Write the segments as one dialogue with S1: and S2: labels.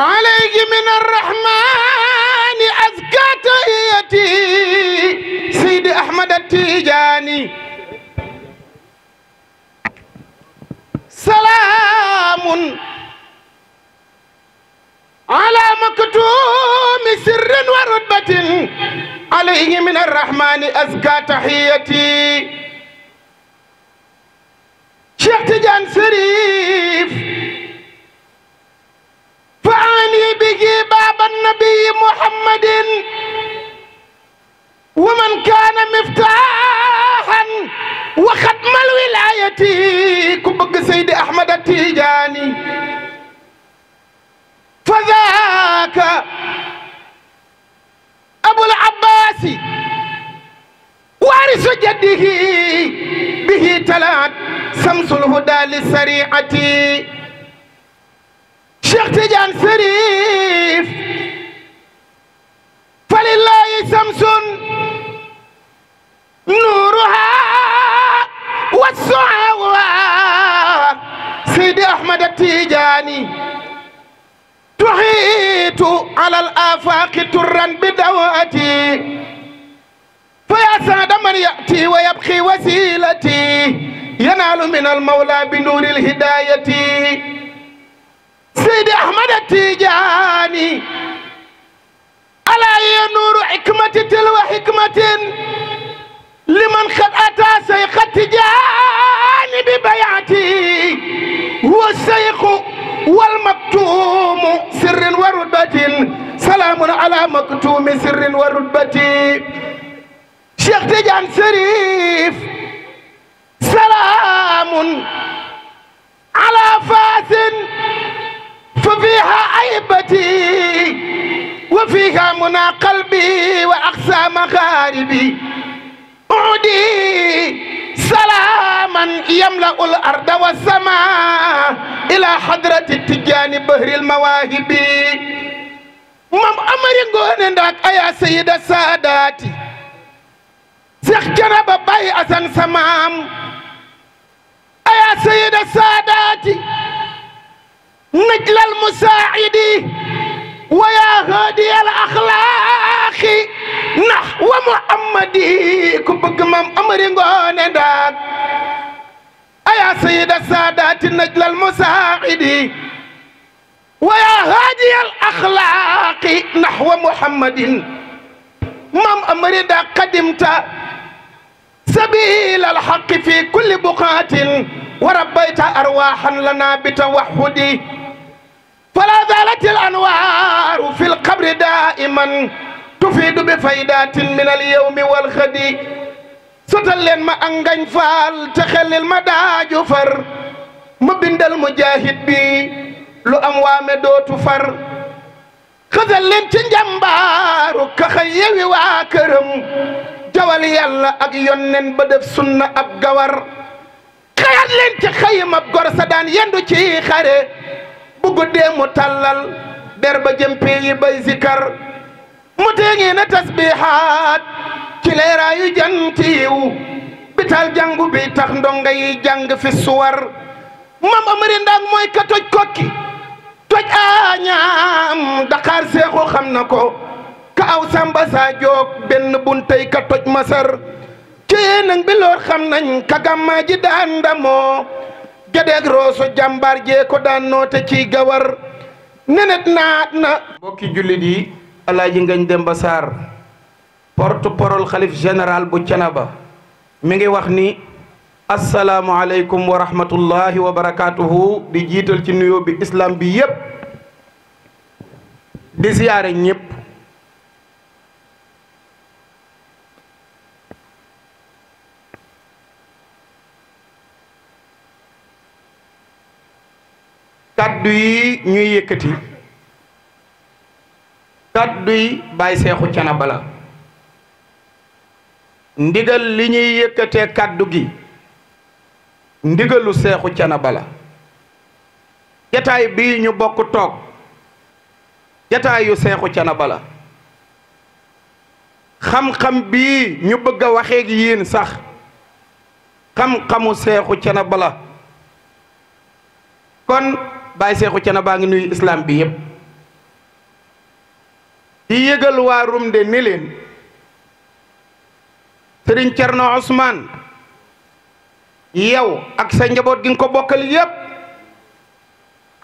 S1: alayki min arrahmani azka tahiyati seydi ahmad atijani salaamun ala maktumi sirrin wa rutbatin alayhi min arrahmani azka tahiyati Cheikh Tidiane Serif فآني به باب النبي محمد ومن كان مفتاحا وختم الولاية كبك سيد أحمد التيجاني فذاك أبو العباس وارث جده به تلات شمس الهدى للسريعة Cheikh Tidiane Serif falillaahi samsun nuuruha wassuawa Seydi Ahmad Tidiane tuxiitu alal afaaqi turran bi dawati fa yaa saada man yati wa yabqi wasilati yanaalu min al mawla bi nuuril hidaayati seydi ahmada tijaani alaa ye nuuru hikmatitil wa hikmatin liman xad ataa seyxa tijaani bi bayaati huwa seyxu wal maktuumu sirrin wa rutbatin salaamun alaa maktuumi sirrin wa rutbati cheikh tidiane sérif salaamun alaa faasin ففيها عيبتي وفيها منى قلبي وأقسى مغاربي أعدي سلاما يملأ الأرض والسماء إلى حضرة التجان بهر المواهب مام أمري غوني ndaak ayaa sayida saadaati seex janaba baay asan samaam ayaa sayida saadaati نجل المساعد ويا هادي الأخلاق نحو محمد كبك مام أمري غون داك أيا سيد السادات نجل المساعد ويا هادي الأخلاق نحو محمد مام أمري داك قدمت سبيل الحق في كل بقعة وربيت أرواحا لنا بتوحدي فلا زالت الأنوار في القبر دائما تفيد بفايدات من اليوم والغد sotal leen ma angañ faal te xelil ma daaju far ma bindal mujahid bi lu am waame dootu far xësal leen ci njàmbaaru kaxa yewi waa këram jawal yàlla ak yonnen ba def sunna ab gawar xayat leen ci xayimab gor sa daan yendu ci xare bu guddee mu tallal der ba jëm peeyi bay zikar mu teeŋee na tasbihaat ci leeraayu jant bital jàngu bi tax ndonga yi jàng fi suwar mam amari ndaag mooy ka kokki toj aañaam daqaar seexu xam na ko ka aw samba saa joog benn buntey ka masar ci nang bi xam nañ ka gàmmaa ji daan ndamoo gédéeg rooso jàmbaar jee ko daan noote ci gawar nenet naat na mbokki jullit yi alaaji ngañ dem sarr porte-parole xalif général bu Thiénaba mi ngi wax ni asalaamualeykum wa rahmatullahi wa di jiital ci nuyoo bi islam bi yépp di siyaare ñépp kaddu yi ñuy yëkkati kaddu yi bàyyi seexu canaba la ndigal li ñuy yëkkatee kaddu gi ndigalu seexu canaba la jataay bii ñu bokk toog jataayu seexu canaba la xam-xam bii ñu bëgg a waxee ak sax xam-xamu seexu canaba la kon bàyyi seexu cana baa ngi nuyu islam bi yépp di yëgal waa Rumde ni leen sëriñ Cerno Ousmane yow ak sa njaboot gi nga ko bokkal yépp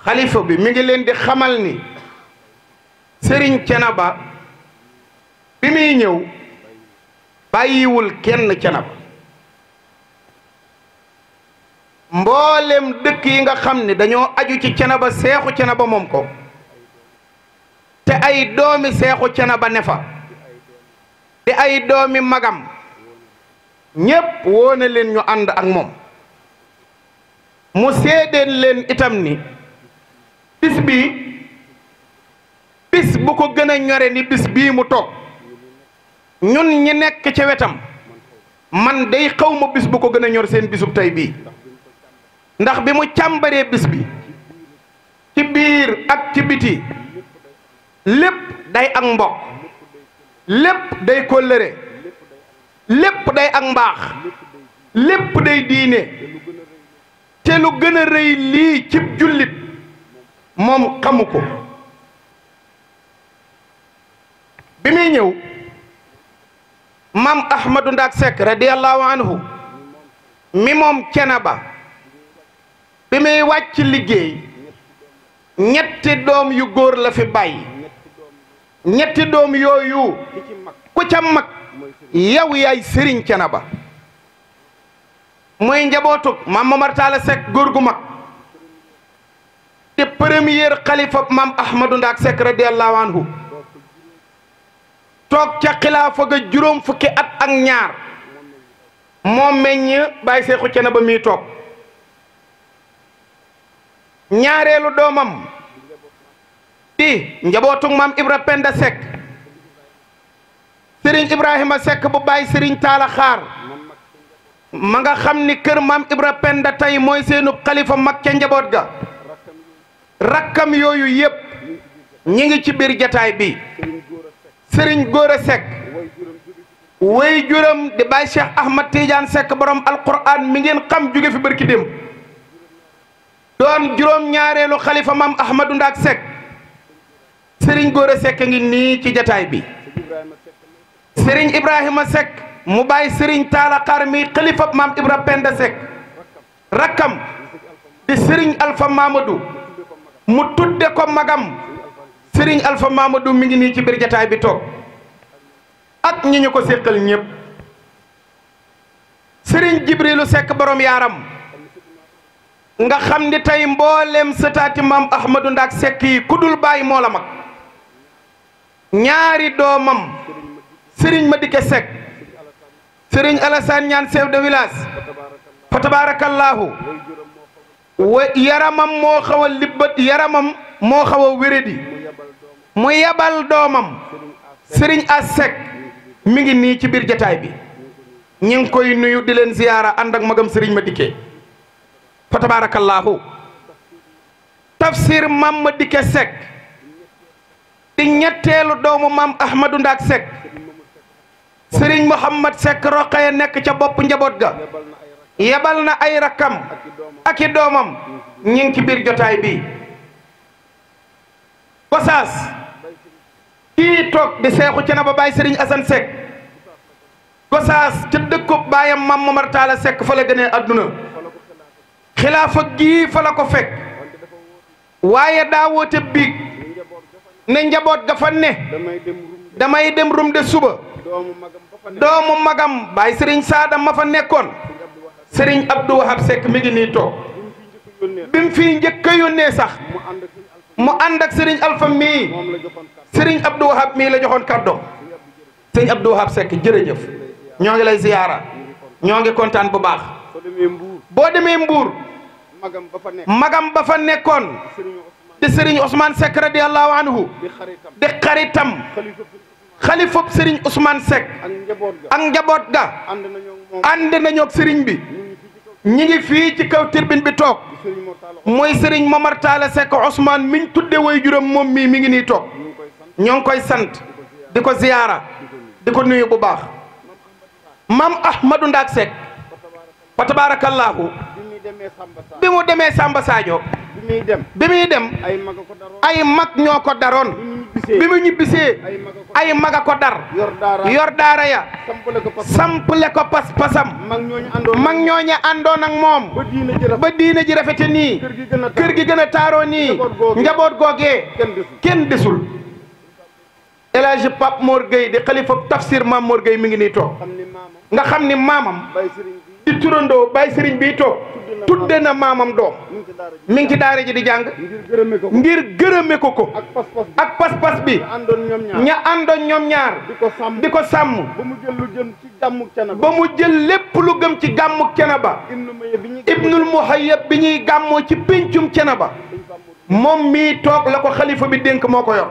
S1: xalifa bi mu ngi leen di xamal ni sëriñ Canaba bi muy ñëw bàyyiwul kenn Canaba mboolem dëkk yi nga xam ni dañoo aju ci Cenaba seexu Cenaba moom ko te ay doomi seexu Cenaba ne fa te ay doomi magam ñépp woone leen ñu ànd ak moom mu seedeen leen itam ni bis bi bis bu ko gën a ñore ni bis bii mu toog ñun ñi nekk ca wetam man day xaw ma bis bu ko gën a ñor seen bisub tey bii ndax bi mu càmbaree bis bi ci biir ak ci biti lépp day ak mbokk lépp day kóllëre lépp day ak mbaax lépp day diine te lu gën a rëy lii cib jullit moom xamu bi muy ñëw maam Ahmadou Ndak Seck radiyallahu mi moom Cenaba bi muy wàcc liggéey ñetti doom yu góor la fi bàyyi ñetti doom yooyu ku ca mag yow yaay sëriñ Thiénaba mooy njabootug maam Momar Talla Seck góor gu mag te premier xalifa maam Ahmadou Ndaak Seck radiyallahu anhu toog ca xilaafa ga juróom fukki at ak ñaar moo meññ bàyyi Seexu Thiénaba mii toog ñaareelu doomam di njabootu maam Ibra Penda Seck Serigne Ibrahima Seck bu bàyyi Serigne Taala Xaar ma nga xam ni kër maam Ibra Penda tey mooy seenub kalifa mag ca njaboot ga rakkam yooyu yëpp ñi ngi ci biir jataay bi Serigne Gora Seck way juram di bàyyi Cheikh Ahmad Tidiane Seck borom alquran mi ngeen xam jóge fi barki démb doon juróom-ñaareelu xalifa maam Ahmadou Ndaak Seck Serigne Gora Seck ngi nii ci jataay bi sëriñ Ibrahima Seck mu bàyyi Serigne Talla Xaar mi xalifa maam Ibra Penda Seck rakkam di Serigne Alpha Mamadou mu tudde ko magam Serigne Alpha Mamadou mi ngi nii ci biir jataay bi toog ak ñi ñu ko séqal ñëpp Serigne Jibrilu Seck borom yaaram nga xam ni tey mboolem sëtaati maam Ahmadou Ndaak Seck yi ku dul bàyyi moo mag ñaari doomam sëriñ Madike Seck sëriñ Alassane ñaan chef de village
S2: fa tabaarakallaahu
S1: yaramam moo xaw a libbat yaramam moo xaw a wéradi yabal doomam sëriñ As Seck mi ngi nii ci biir jataay bi ñu ngi koy nuyu di leen ziyaara ànd ak magam ma Madike fa tabaarakallaahu tafsir mam ma dikke Seck di ñetteelu doomu mam Ahmadou Ndaak Seck Serigne Mouhamad Seck roqaye nekk ca bopp njaboot ga yebal na ay rakkam ak doomam ñi ngi ci biir jotaay bi Gosaas kii toog di seexu ca na ba bàyyi Serigne Gosaas ca dëkkub baayam mam Momar Talla Seck fa la gënee adduna xilaafa gii fa ko fekk waaye daa woote biig ne njaboot ga fa ne damay dem rum de suba doomu magam baay sëriñ saada ma fa nekkoon sëriñ Abdou Wahab Seck mi ngi nii toog bi mu fi njëkk a yónnee sax mu ànd ak sëriñ Alpha mii sëriñ Abdou Wahab mii la joxoon kàddoom sëriñ Abdou Wahab Seck jërëjëf ñoo ngi lay ziyaara ñoo ngi kontaan bu baax boo demee Mbuur magam ba fa nekk nekkoon. di Serigne Ousmane Seck radiyallahu anhu.
S2: di xaritam di
S1: xaritam. xalifop Serigne Ousmane Seck. njaboot ga ak njaboot ga. ànd nañoo ak bi. ñi ngi fii ci kaw tirbin bi toog. mooy Serigne Momar Talla Seck Ousmane miñ tudde way juróom moom mii mi ngi nii toog. ñoo ngi koy sant. di ko ziyaara. di ko nuyu bu baax. maam Ahmadou Ndaak Seck. fa tabaarakallaahu bi mu demee Samba Sadio bi muy dem bi dem ay mag ñoo ko daroon bi mu ñibbisee ay mag ko dar yor daara ya sampale ko pas pasam mag ñooñu àndoon ak moom ba diina ji rafete nii kër gi gën a taaroo nii njaboot googee kenn desul El Hadj Pape Mor Gueye di xalifa tafsir maam Mor Gueye mi ngi nii toog nga xam ni maamam di turandoo bàyyi sëriñ bii toog tudde na maamam doom mi ngi ci daara ji di jàng ngir gërëme ko ko ak pas-pas bi ña àndoon ñoom ñaar di ko sàmm ba mu jël lépp lu gëm ci gàmmuk ba ibnul muhayyab bi ñuy gàmmoo ci péncum ba moom mii toog la ko xalifa bi dénk moo ko yor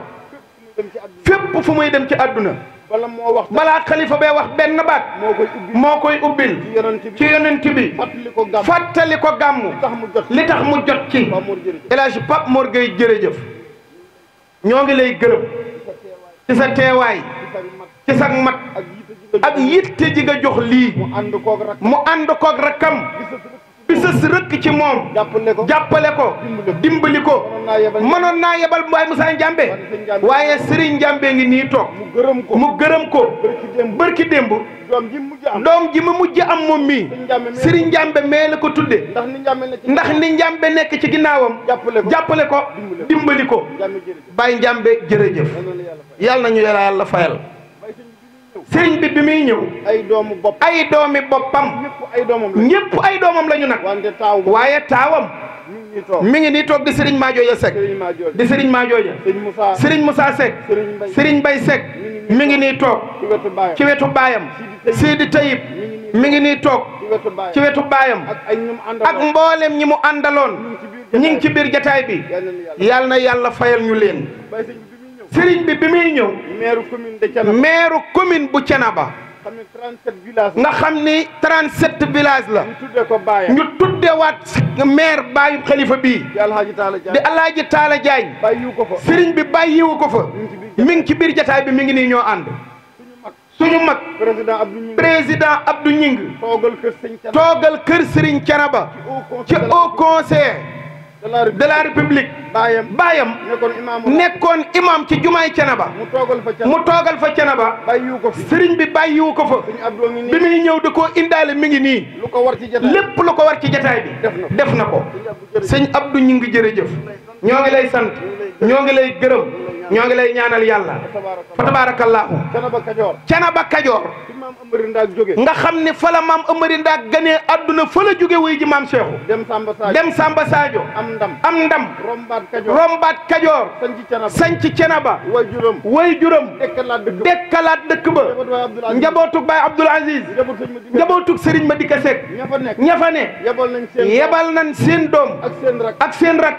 S1: fépp fu may dem ci àdduna bala moo wax balaa xalifa bee wax benn baat moo koy ubbil ci yonent bi fàttali ko gàmmu li tax mu jot ci El Hadj Pape Mor Gueye jërëjëf ñoo ngi lay gërëm
S2: ci sa teewaay
S1: ci sa mat ak yitte ji nga jox lii mu ànd koog rakkam bi sës rëkk ci moom. jàppale ko jàppale ko dimbali ko. mënoon naa yebal waaye Moussa Ndiambé. waaye Serigne Ndiambé ngi nii toog. mu gërëm ko mu gërëm ko. barki démb doom ji mujj am doom ji mu mujj am moom mii. Serigne Ndiambé mee la ko tudde ndax ni njàmbe nekk ci ginnaawam. jàppale ko dimbali ko. Baye Ndiambé jërëjëf. yàlla na ñu la fayal. sëñ bi bi muy ñëw. ay doomu bopp ay doomi boppam. ñëpp ay doomam la ñëpp ay doomam la ñu nag. wante taawam waaye taawam. mi ngi ni toog di Serigne Madioja Seck di Serigne Madioja
S2: Serigne Moussa Seck
S1: Serigne bay Seck mi ngi nii toog ci wetu baayam Sidi Tayib mi ngi nii toog ci wetu baayam ak mboolem ñi mu àndaloon ñi ngi ci biir jataay bi yal na yàlla fayal ñu leen. sëriñ bi bi muy ñëw. maire commune de Thiénaba maire commune bu Thiénaba. nga xam ni 37 villages la. ñu tuddee ko Baye. ñu tuddeewaat xalifa bii. di Alhaji Taala Diagne di Alhaji Taala Diagne. ko fa sëriñ bi bàyyiwu ko fa. mi ngi ci biir jataay bi mi ngi nii ñoo ànd. ñu mag président Abdou Ñing toogal kër sëriñ Thiénaba ci au conseil. de la république baayam nekkoon imam ci jumaay Cenaba mu toogal fa Cenaba sëriñ bi bàyyiwu ko fa bi muy ñëw da koo indaale mi ngi nii lépp lu ko war ci jataay bi def na ko sëñ Abdou ñu ngi jërëjëf ñoo ngi lay sant ñoo ngi lay gërëm ñoo ngi lay ñaanal yàlla fa tabaarakallaahu cana ba kajoor nga xam ne fa la a ëmbëri ndaag ganee adduna fa la jóge wuy ji maam seexu dem samba sadio am ndam am ndam rombaat kajoor sanc cana ba way juram dekkalaat dëkk ba njabootug baay abdul aziz njabootug sëriñ ma a sek ña fa ne yebal nañ seen doom ak seen rak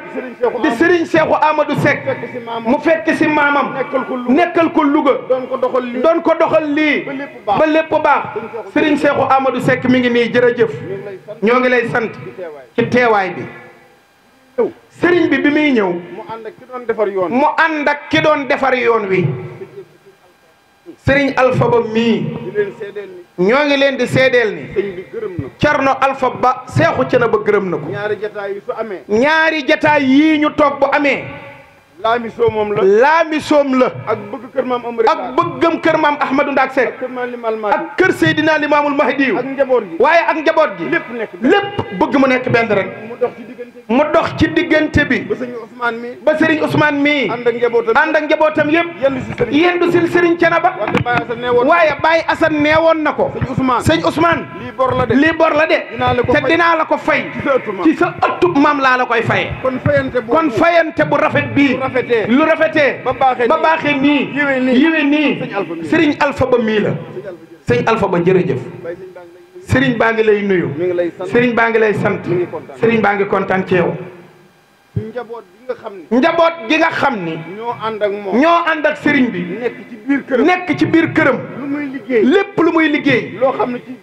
S1: di sëriñ seexu amadou sek mu fekk si maamam nekkal ko Louga doon ko doxal lii ba lépp baax Serigne Cheikhou Amadou sekk mi ngi nii jërëjëf ñoo ngi lay sant ci teewaay bi Serigne bi bi muy ñëw mu ànd ak ki doon defar yoon wi Serigne Alpha Ba mii ñoo ngi leen di seedeel ni Cerno Alpha Ba Seexu cena ba gërëm na ko ñaari jataay yii ñu toog bu amee laamisoom moom la laamisoom la. ak bëgg kër maam Amary ak bëggam kër maam Ahmadou Ndaak Seck. ak kër maam Limaamul Mahdi ak kër Seydina Limaamul Mahdi. ak njaboot gi waaye ak njaboot gi. lépp nekk lépp bëgg mu nekk benn rek. mu dox ci diggante bi ba sëriñ Ousmane mi ba sëriñ Ousmane mi ànd ak njabootam ànd ak njabootam yëpp yendu sil sëriñ Canaba waaye Baye Assane neewoon na ko sëñ Ousmane lii bor la de lii bor la de te dinaa la ko fay ci sa ëttub maam laa la koy faye kon te bu rafet bii lu rafetee ba baaxee nii yiwe nii sëriñ Alpha ba mii la sëñ Alpha ba jërëjëf sëriñ baa ngi lay nuyu. mi ngi lay sant sëriñ baa ngi lay sant. mi ngi kontaan sëriñ baa ngi kontaan ci yow.
S2: njaboot gi nga xam ni.
S1: njaboot gi nga xam ni. ñoo ànd ak moom ñoo ànd ak sëriñ bi. nekk ci biir këram nekk ci biir këram. lu muy lépp lu muy liggéey. loo xam ne ci.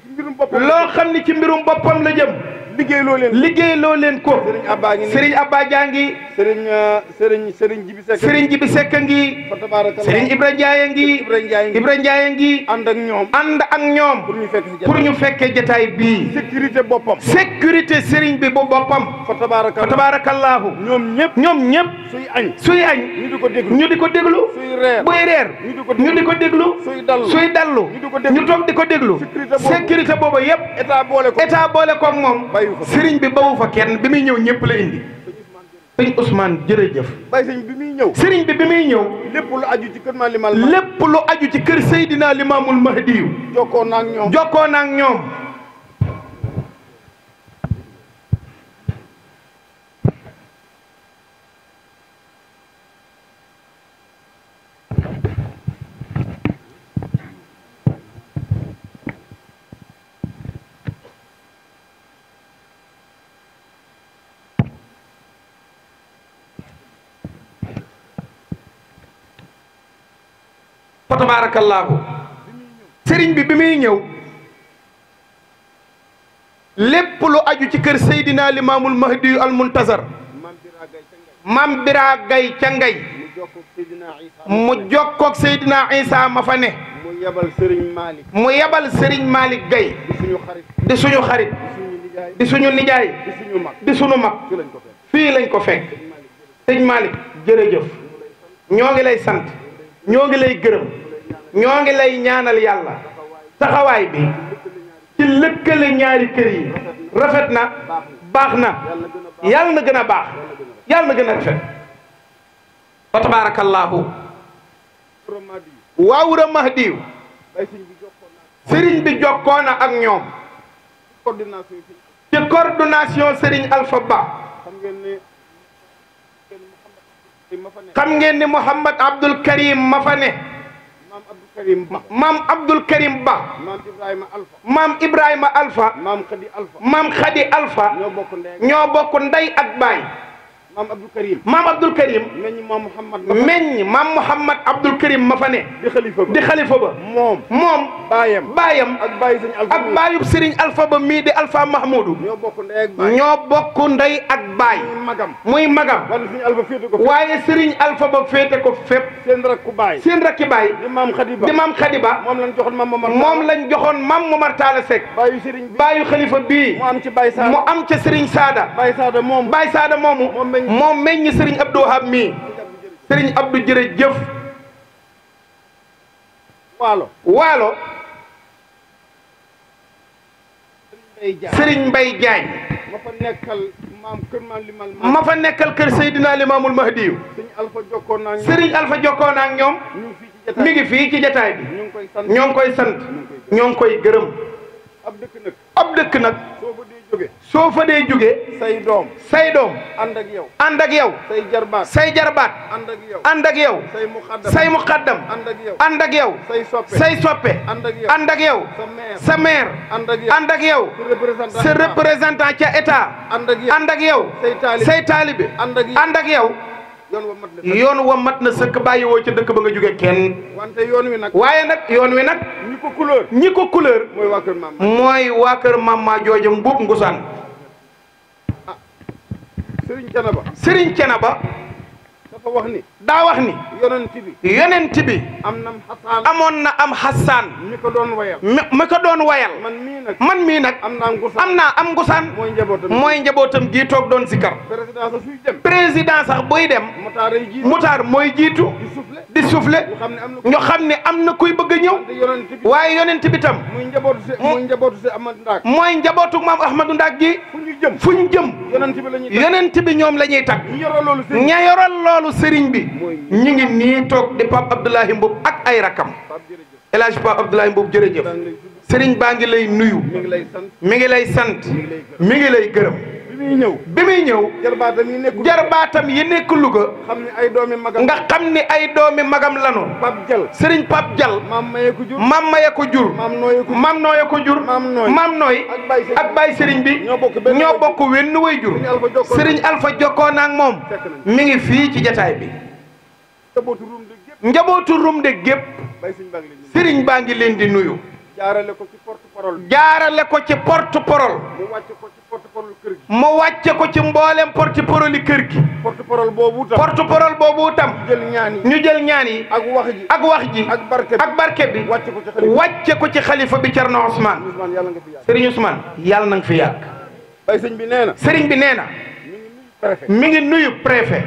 S1: loo xam ni ci mbirum boppam la jëm. liggéeyloo leen ko liggéeyloo leen ko. Serigne Abba ngi Serigne Abba jaa ngi. Serigne euh, Serigne Serigne Jibi Seck. Serigne Jibi Seck ngi. Serigne Ibra ngi. Ibra ngi. ànd ak ñoom ànd ñu fekkee pour ñu fekkee jotaay bii. bi bu boppam. fa tabaarakallaahu ñoom ñëpp ñoom ñëpp. suy añ suy añ. ñu di ko déglu ñu di ko déglu. buy reer. ñu di ko déglu ñu di ko déglu. suy dallu suy dallu. ñu toog di ko déglu. qualité booba yëpp. état boole ko état boole ko moom. bi bawu fa kenn bi muy ñëw ñëpp la indi. sëriñ jërëjëf. bay sëriñ bi muy ñëw. sëriñ bi bi muy ñëw. lépp lu aju ci kër Malimul lépp lu aju ci kër Seydina Limaamul Mahdiyu. jokkoo na ak ñoom jokkoo na ak ñoom. fa tabaarakallaahu sëriñ bi bi muy ñëw lépp lu aju ci kër Seydina Limaamul Mahdi yu al Muntazar maam Biraa Gay ca Ngay mu jokkoog Seydina Isa ma fa ne mu yebal sëriñ Malick Gay di suñu xarit di suñu nijaay di suñu mag fii lañ ko fekk sëñ Malick jërëjëf ñoo ngi lay sant ñoo ngi lay gërëm ñoo ngi lay ñaanal yàlla taxawaay bi ci lëkkale ñaari kër yi rafet na baax na yàlla na gën a baax yàlla na gën a rafet fa tabaarakallaahu waa Wuro Mahdiw sëriñ bi jokkoona ak ñoom ci coordination sëriñ Alpha Ba xam ngeen ni Mouhamad Abdul Karim ma ne maam Abdul Karim Ba. maam Ibrahima Alpha. maam Ibrahima Alpha. maam Khady Alpha. maam Khady Alpha. ñoo bokk ndey ak baay. maam Abdul Karim maam Abdul Karim. meññ maam Muhammad ma fa meññ maam Muhammad Abdul Karim ma fa ne. di xalifa ba di xalifa ba. moom moom. baayam baayam ak baayu sëriñ Alpha ak baayu sëriñ Alpha ba mii di Alpha Mahmoudou. ñoo bokk ndey ak baay ñoo bokk ndey ak baay. muy magam muy magam. wala sëriñ ko waaye sëriñ Alpha ba féete ko fépp. seen rakku baay seen rakki baay. di maam Khadiba di maam Khadiba. moom lañ joxoon maam Momar moom lañ joxoon maam Momar Talla Seck. baayu sëriñ bi baayu xalifa bii. mu am ci baay Saada mu am ci sëriñ Saada. baay Saada baay Saada moomu. moom meññ sëriñ Abdou Wahab mii sëriñ Abdou jërëjëf waalo waalo
S2: sëriñ Mbay Jaañ
S1: ma fa nekkal maam kër maam limal ma fa nekkal kër Seydina Limaamul Mahdiyu sëriñ Alfa jokkoon ak ñoom
S2: mi ngi fii ci jataay bi
S1: ñoo koy sant ñoo koy gërëm ab nag soo fa dee jóge say doom say doom ànd ak yow ànd ak yow say jarbaat say jarbaat ànd ak yow ànd ak yow say muqaddam say muqaddam ànd ak ànd ak yow say soppe say soppe ànd ak yow sa maire ànd ak yow sa représentant ca état ànd ak yow say taalibe ànd ak yow yoon wa mat na sëkk bàyyiwoo ca dëkk ba nga jóge wante yoon wi nag. waaye nag yoon wi nag. ñi ko couleur ñi ko couleur. mooy waa kër maam mooy waa kër maam maa jooja mbuub ngusaan. Ah, Serigne Thiénaba Serigne Thiénaba. dafa wax ni. daa wax ni. na am xasaan. amoon na am xasaan. mi ko doon wayal. mi mi ko doon wayal. man mii nag. man mii nag. am na am ngusaan am naa am ngusaan. mooy njabootam mooy njabootam gii toog doon sikar. président a suy dem. président sax buy dem. mutaaray jiitu mutaar mooy jiitu. di soufflé ñu xam ne am na kuy bëgg a ñëw waaye yonent bi tam muy njabootu si muy njabootu si Ahmadou Ndaak mooy njabootu maam Ahmadou Ndaak gi fu ñu jëm fu ñu jëm yonent bi ñoom la ñuy tag ña yoral loolu sëriñ bi ñi ngi nii toog di Pape Abdoulaye Mboup ak ay rakam El Hadj Pape Abdoulaye Mboup jërëjëf sëriñ baa ngi lay nuyu mi ngi lay sant mi ngi lay gërëm bi muy ñëw bi muy ñëw. jarbaatam yi nekk jarbaatam yi nekk Louga. xam ne ay doomi magam nga xam ne ay doomi magam lanu. Pape Dial Serigne Pape Dial. maam maye ko jur maam maye ko jur. maam nooye ko jur maam nooye ko jur. maam bi ñoo bokk benn ñoo bokk wenn way jur. Serigne Alpha jokkoon ak moom. mi ngi fii ci jataay bi. njabootu Rumde gépp. Serigne baa ngi leen di nuyu. jaarale ko ci porte parole. jaarale ko ci porte parole. moo parole kër gi. mu wàcce ko ci mboolem porte kër gi. porte-parole boobu tam porte-parole boobu tam. ñu jël ñaan ñu jël ñaan yi. ak wax ji ak wax ji. ak barke bi ak barke bi. wàcce ko ci xalifa bi Thierno na Serigne Ousmane yàlla na nga fi yàgg. bay sëñ bi nee na. Serigne bi nee na. mi ngi nuyu préfet.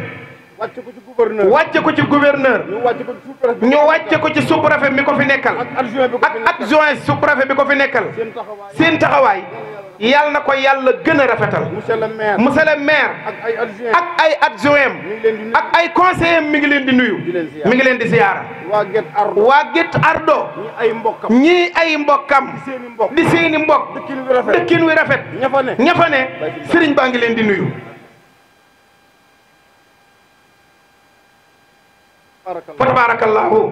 S1: wàcce ko ci gouverneur wàcce ko ci gouverneur. ñu wàcce ko ci sous-préfet mi ko fi nekkal. ak adjoint sous-préfet bi ko fi nekkal. seen taxawaay. yal na ko yàlla gën a rafetal. mu le maire monsieur le maire. ak ay adjoint ak ay adjoint ak ay conseiller mi ngi leen di nuyu. mi ngi leen di ziyaara. waa Guet Ardo ñii ay mbokkam ñii mbokkam. di seeni mbokk dëkkin wi rafet dëkkin wi rafet. ña fa ne ne sëriñ baa ngi leen di nuyu. fa tabaarakallaahu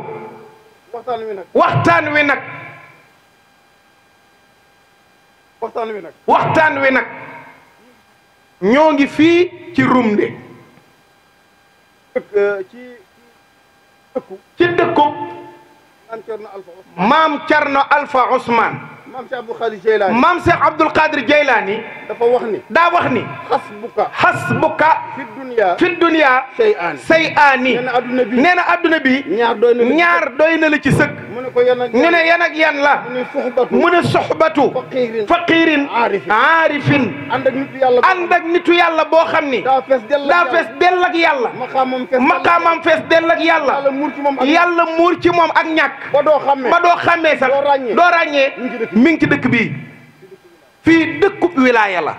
S1: waxtaan wi waxtaan wi nag. waxtaan wi nag waxtaan wi nag ñoo ngi fii ci ruum euh, ci dëkku ci dëkku maam Cerno Alfa Ousmane maam Cheikh Abdoul Khadir Jeylaani daa wax ni xasbuka xasbuka fi dunya say aani say aani nee na bi ñaar doy na ñaar doy na la ci sëkk ñu ne yan ak yan la mu ne soxbatu faqiirin aarifin ànd ak nitu yàlla boo xam ni daa fees dell yàlla maqaamam fees dell yàlla yàlla muur ci moom ak ñàkk ba doo xàmmee sax doo ràññee mi ci dëkk bii fi dëkkub wilaaya la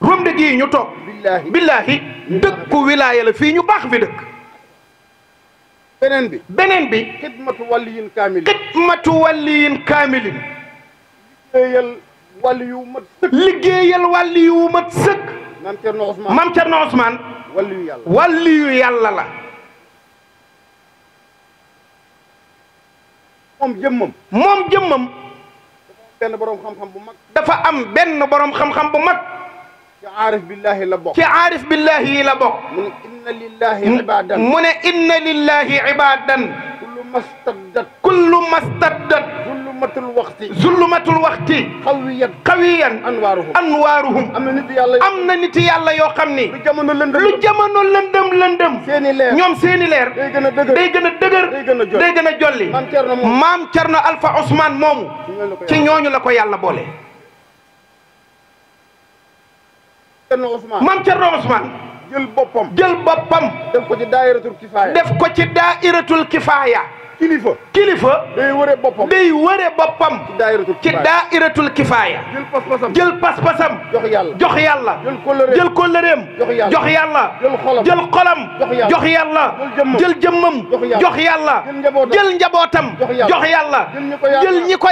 S1: Romde gii ñu to billaahi dëkku wilaaya la fii ñu baax fi dëkk beneen bi beneen bi xidmatu waliyin kaamilin liggéeyal wàlli mat sëkk liggéeyal wàlli yu mat sëkk maam la moom jëmmam moom jëmmam benn borom xam-xam bu mag dafa am benn borom xam-xam bu mag ci aarif billahi la bokk ci aarif billahi yi la bokk mu ne inna lillahi ibadan mu ne inna lillahi ibadan kullu mastaddat kullu mastaddat zulmatul waxti zulmatul waxti xawiyan xawiyan anwaaruhum am na nit yàlla yoo xam ni lu jamono lëndëm lu jamono lëndëm lëndëm seeni leer ñoom seeni leer day gën a dëgër day gën a dëgër day a jolli maam Cerno Alpha Ousmane moomu ci ñooñu la ko yàlla boole maam Cerno Ousmane jël boppam jël boppam def ko ci daayiratul kifaaya ko ci kifaaya kilifa kilifa. day wëre boppam day wëre boppam. ci daayiratul kifaaya. jël pas-pasam jël pas-pasam. jox yàlla jox yàlla. jël kóllëreem jox yàlla. jël xolam jox yàlla. jël jëmmam jox yàlla. jël njabootam jox yàlla.
S2: jël ñi ko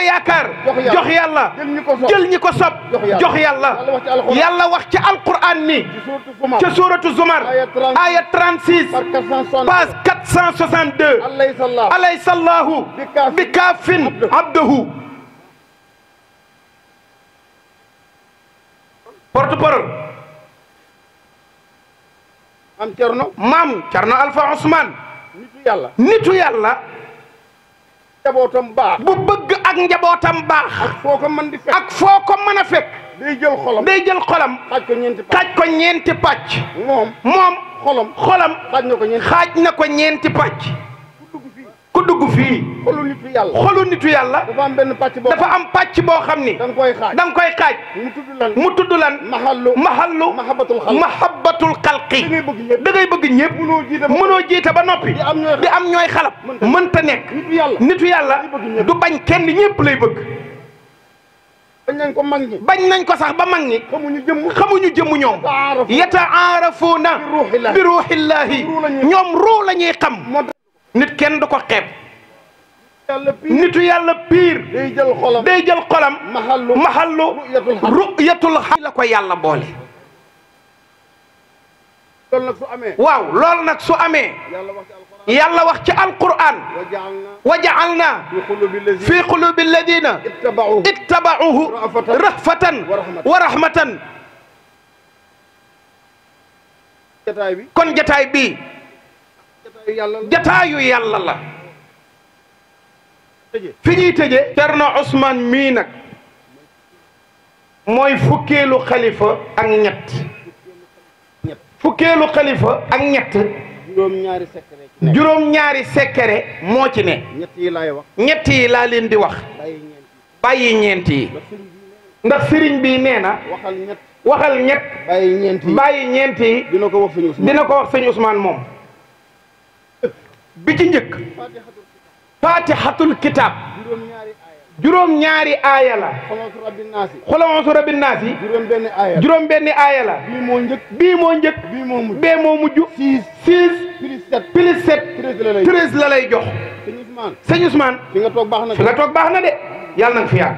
S2: jox yàlla.
S1: jël ñi ko sopp jox yàlla. yàlla wax ci alquran ni.
S2: ca suuratu zumar.
S1: ayat 36 page 462. laysa allahu bi kaafin abdahu porte yàlla nitu njabootam baax bu bëgg ak njabootam baax ak foo ko mën di fekk ak fekk day jël xolam day xaaj ko ñeenti pàcc moom moom xolam xaaj na ko ñeenti pàcc ku dugg fii. xolu nitu yàlla xolu nitu yàlla. dafa am benn pàcc boo dafa am pàcc boo xam ni. da nga koy xaaj da nga koy xaaj. mu tudd lan mu tudd lan. maxallu maxallu. mahabbatul xalqi mahabbatul xalqi. da ngay bëgg ñëpp da ngay bëgg ñëpp. mënoo jiite ba noppi. di am ñooy xalab di mënta nekk nitu yàlla du bañ kenn ñëpp lay bëgg. bañ nañ ko mag sax ba mag ñi. xamuñu jëmm xamuñu jëmm ñoom. yataarafuuna bi bi ruuxillahi ñoom ruu la xam nit kenn du ko xeeb. nitu yàlla piir day jël xolam day jël xolam. maxallu ru'yatul xaq la ko yàlla boole. loolu nag su amee. waaw loolu nag su amee. yàlla wax ci alquran. wa ja'alna fi qulubi alladina ittaba'uhu rahfatan wa rahmatan. kon jataay bi. jataayu yàlla la fi ñuy tëje Cerno Ousmane mii nag mooy fukkeelu xalifa ak ñett fukkeelu xalifa ak ñett juróom ñaari sekkere moo ci ne ñett yi laa leen di wax bàyyi ñeent yi ndax sëriñ bi nee na waxal ñett bàyyi ñeent yi dina ko wax sëñ Ousmane moom bi ci njëkk faatixatul kitaab juróom ñaari aaya la xul awuusu rabbi naasi juróom benni aaya la bii moo njëkk bee moo mujj six plus sept treize la lay jox sëñ Ousmane fi nga toog baax na de yàlla na nga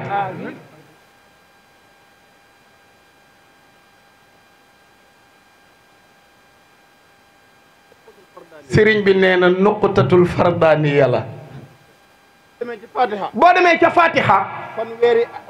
S1: sëriñ bi nee na nuqtatul fardaaniya la boo demee ca fatiha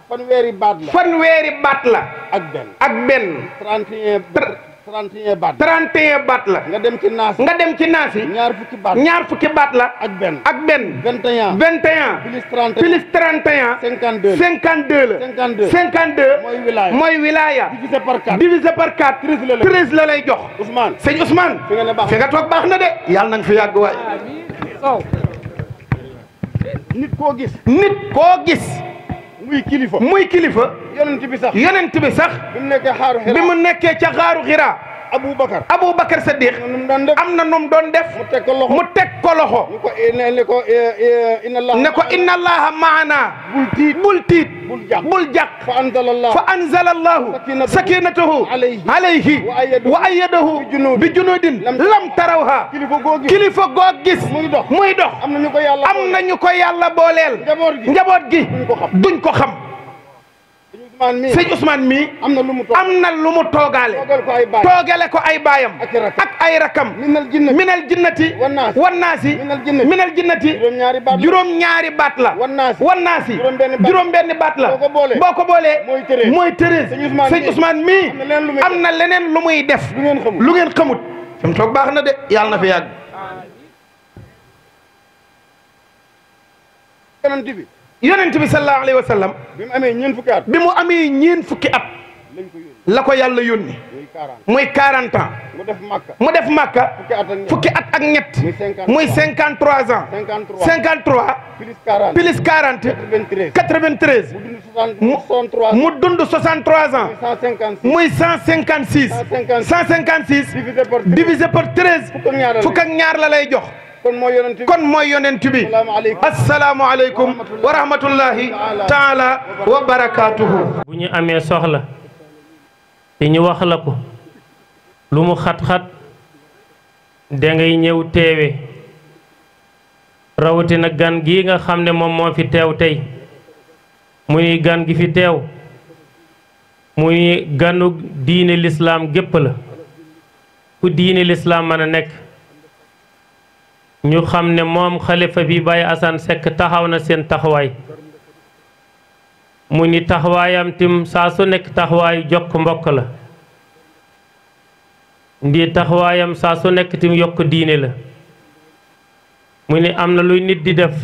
S1: fanweeri baat la fanweeri baat la ak benn ak benn 31 31 baat 31 baat la. nga dem ci naas nga dem ci naas yi. ñaar fukki baat ñaar fukki baat la. ak benn ak benn. 21 21. plus 31 plus 31. 52 52 la. 52 52. mooy wilaya mooy wilaya. par 4 divisé la lay 13 la lay jox. Ousmane sëñ Ousmane. fi nga ne baax nga toog baax na de. yàlla na nga fi yàgg waay. nit koo gis. nit koo gis. muy kilifa muy kilifa. yonent sax yonent bi sax. bi mu nekkee nekkee ca xaaru xiraa. Aboubacar Aboubacar Saddiq am na num doon def mu teg ko loxo mu teg ko loxo eh, ne ko eh, eh, inna allaha maana bul tiit bul tiit bul jàq fa anzala allahu sakinatahu alayhi wa ayyadahu bi junudin lam tarawha kilifa goog gis muy dox am na ñu ko yàlla booleel njaboot gi duñ ko xam Ousmane mii sëñ mii. am na lu mu toogaale am lu mu toogaale. toogale ko ay baayam ak ay rakam. minal jinnati minal jinnati. wannaasi minal jinnati. juróom-ñaari baat la wannaasi juróom-benni baat la boo ko boolee. mooy tëree sëñ Ousmane mii am na leneen lu muy def. lu ngeen xamut. fi mu toog baax na de yàlla na fi yàgg. yonent bi sallallahu alayhi wa sallam. bi mu amee ñeent fukki at. bi mu amee ñeent fukki at. la ko yàlla yónni.
S2: muy 40 ans. mu def makka. mu def makka fukki at ak ñett. muy 53 ans. 53.
S1: plus 40. 93. mu dund 63 ans. muy 156. 156. divisé par 13. fukk ak ñaar la lay jox. kon mooy yonent bi kon mooy yonent bi
S3: asalaamualeykum wa rahmatullahi taala wa barakaatuhu. bu ñu amee soxla te ñu wax la ko lu mu xat-xat da ñëw teewe rawatina gan gi nga xam ne moom moo fi teew tey muy gan gi fi teew muy ganu diine lislaam gépp la ku diine lislaam mën a nekk. ñu xam ne moom xalifa bi Baye Assane sekk taxaw na seen taxawaay mu ni taxawaayam tim saa su nekk taxawaayu jokk mbokk la ndi taxawaayam saa su nekk tim yokk diine la mu ni am na luy nit di def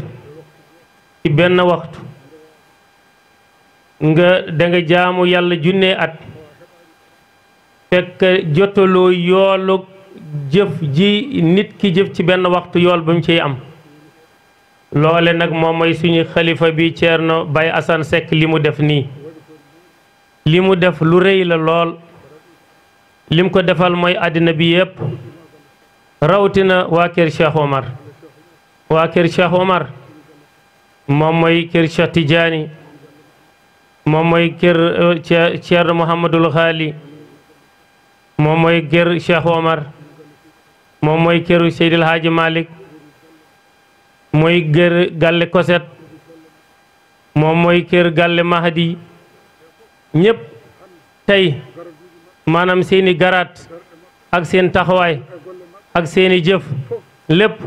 S3: ci benn waxtu nga danga jaamu yàlla junne at fekk jotaloo yoolug jëf ji nit ki jëf ci benn waxtu yool bu mu ciy am loole nag moom mooy suñu xalifa bi no bay Assane Seck li mu def nii li mu def lu rëy la lool lim ko defal mooy àddina bi yépp rawtina waa kër Cheikh waa kër Cheikh Omar moom mooy kër Cheikh Tidiane moom mooy kër euh, Thierno Mouhamadul Xaali moom mooy kër Cheikh moom mooy këru Seydil Haaji Malick mooy kër Galle Koset moom mooy kër Galle Mahdi ñépp tey maanaam seeni garaat ak seen taxawaay ak seeni jëf lépp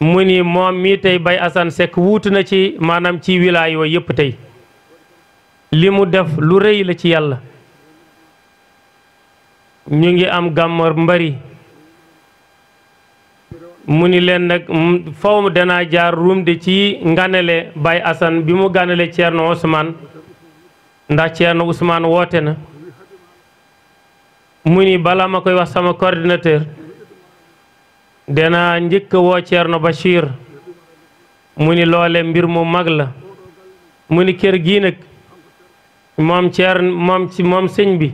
S3: mu ni moom mii tey bay Assane Seck wuutu na ci maanaam ci wilaay yooyu yépp tey li mu def lu rëy la ci yàlla ñu ngi am gàmmar mbari mu ni leen nag faw danaa jaar di ci nganale Baye Assane bi mu ganale Thierno Ousmane ndax Thierno Ousmane woote na mu ni balaa ma koy wax sama coordinateur danaa njëkk woo Thierno Bachir mu ni loole mbir mu mag la mu ni kër gii nag moom Thierno moom ci moom sëñ bi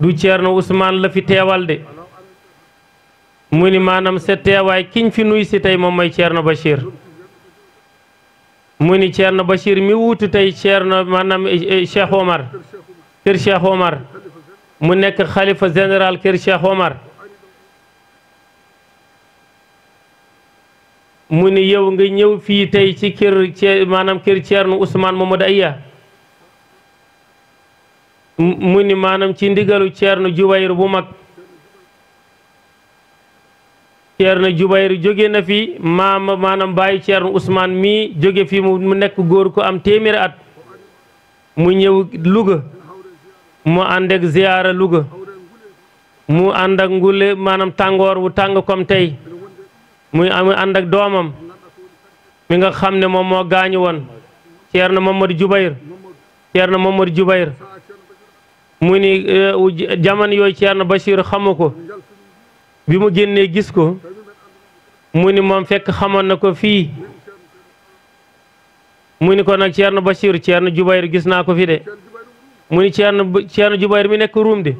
S3: du Thierno Ousmane la fi teewal de mu ni maanaam sa teewaay kiñ fi nuy si tey moom mooy Thierno Bachir mu ni Thierno Bachir mi wuutu tey Thierno maanaam eh, eh, Cheikh Omar kër Cheikh Omar mu nekk xalifa général kër Cheikh Omar mu ni yow nga ñëw fii tey ci kër maanaam kër Thierno Ousmane Mamadou Aya mu ni maanaam ci ndigalu Thierno Jubayr bu mag Ceerno Jubayr jóge na fi maama maanaam bàyyi Ceerno Ousmane mii jóge fi mu nekk góor ko am téeméeri at mu ñëw Louga mu ànd ak ziyaara Louga mu ànd ak ngule maanaam tàngoor wu tàng comme tey muy am ànd doomam mi nga xam ne moom moo gaañu woon Ceerno Mamadou Jubayr Ceerno Mamadou Jubayr mu ni eh, jamono yooyu Ceerno Bachir xamu ko bi mu génnee gis ko mu ni moom fekk xamoon na ko fii mu ni ko nag Ceerno Basiiru Ceerno Jubayru gis naa ko fi de mu ni Ceerno Ceerno Jubayru mi nekk ruum de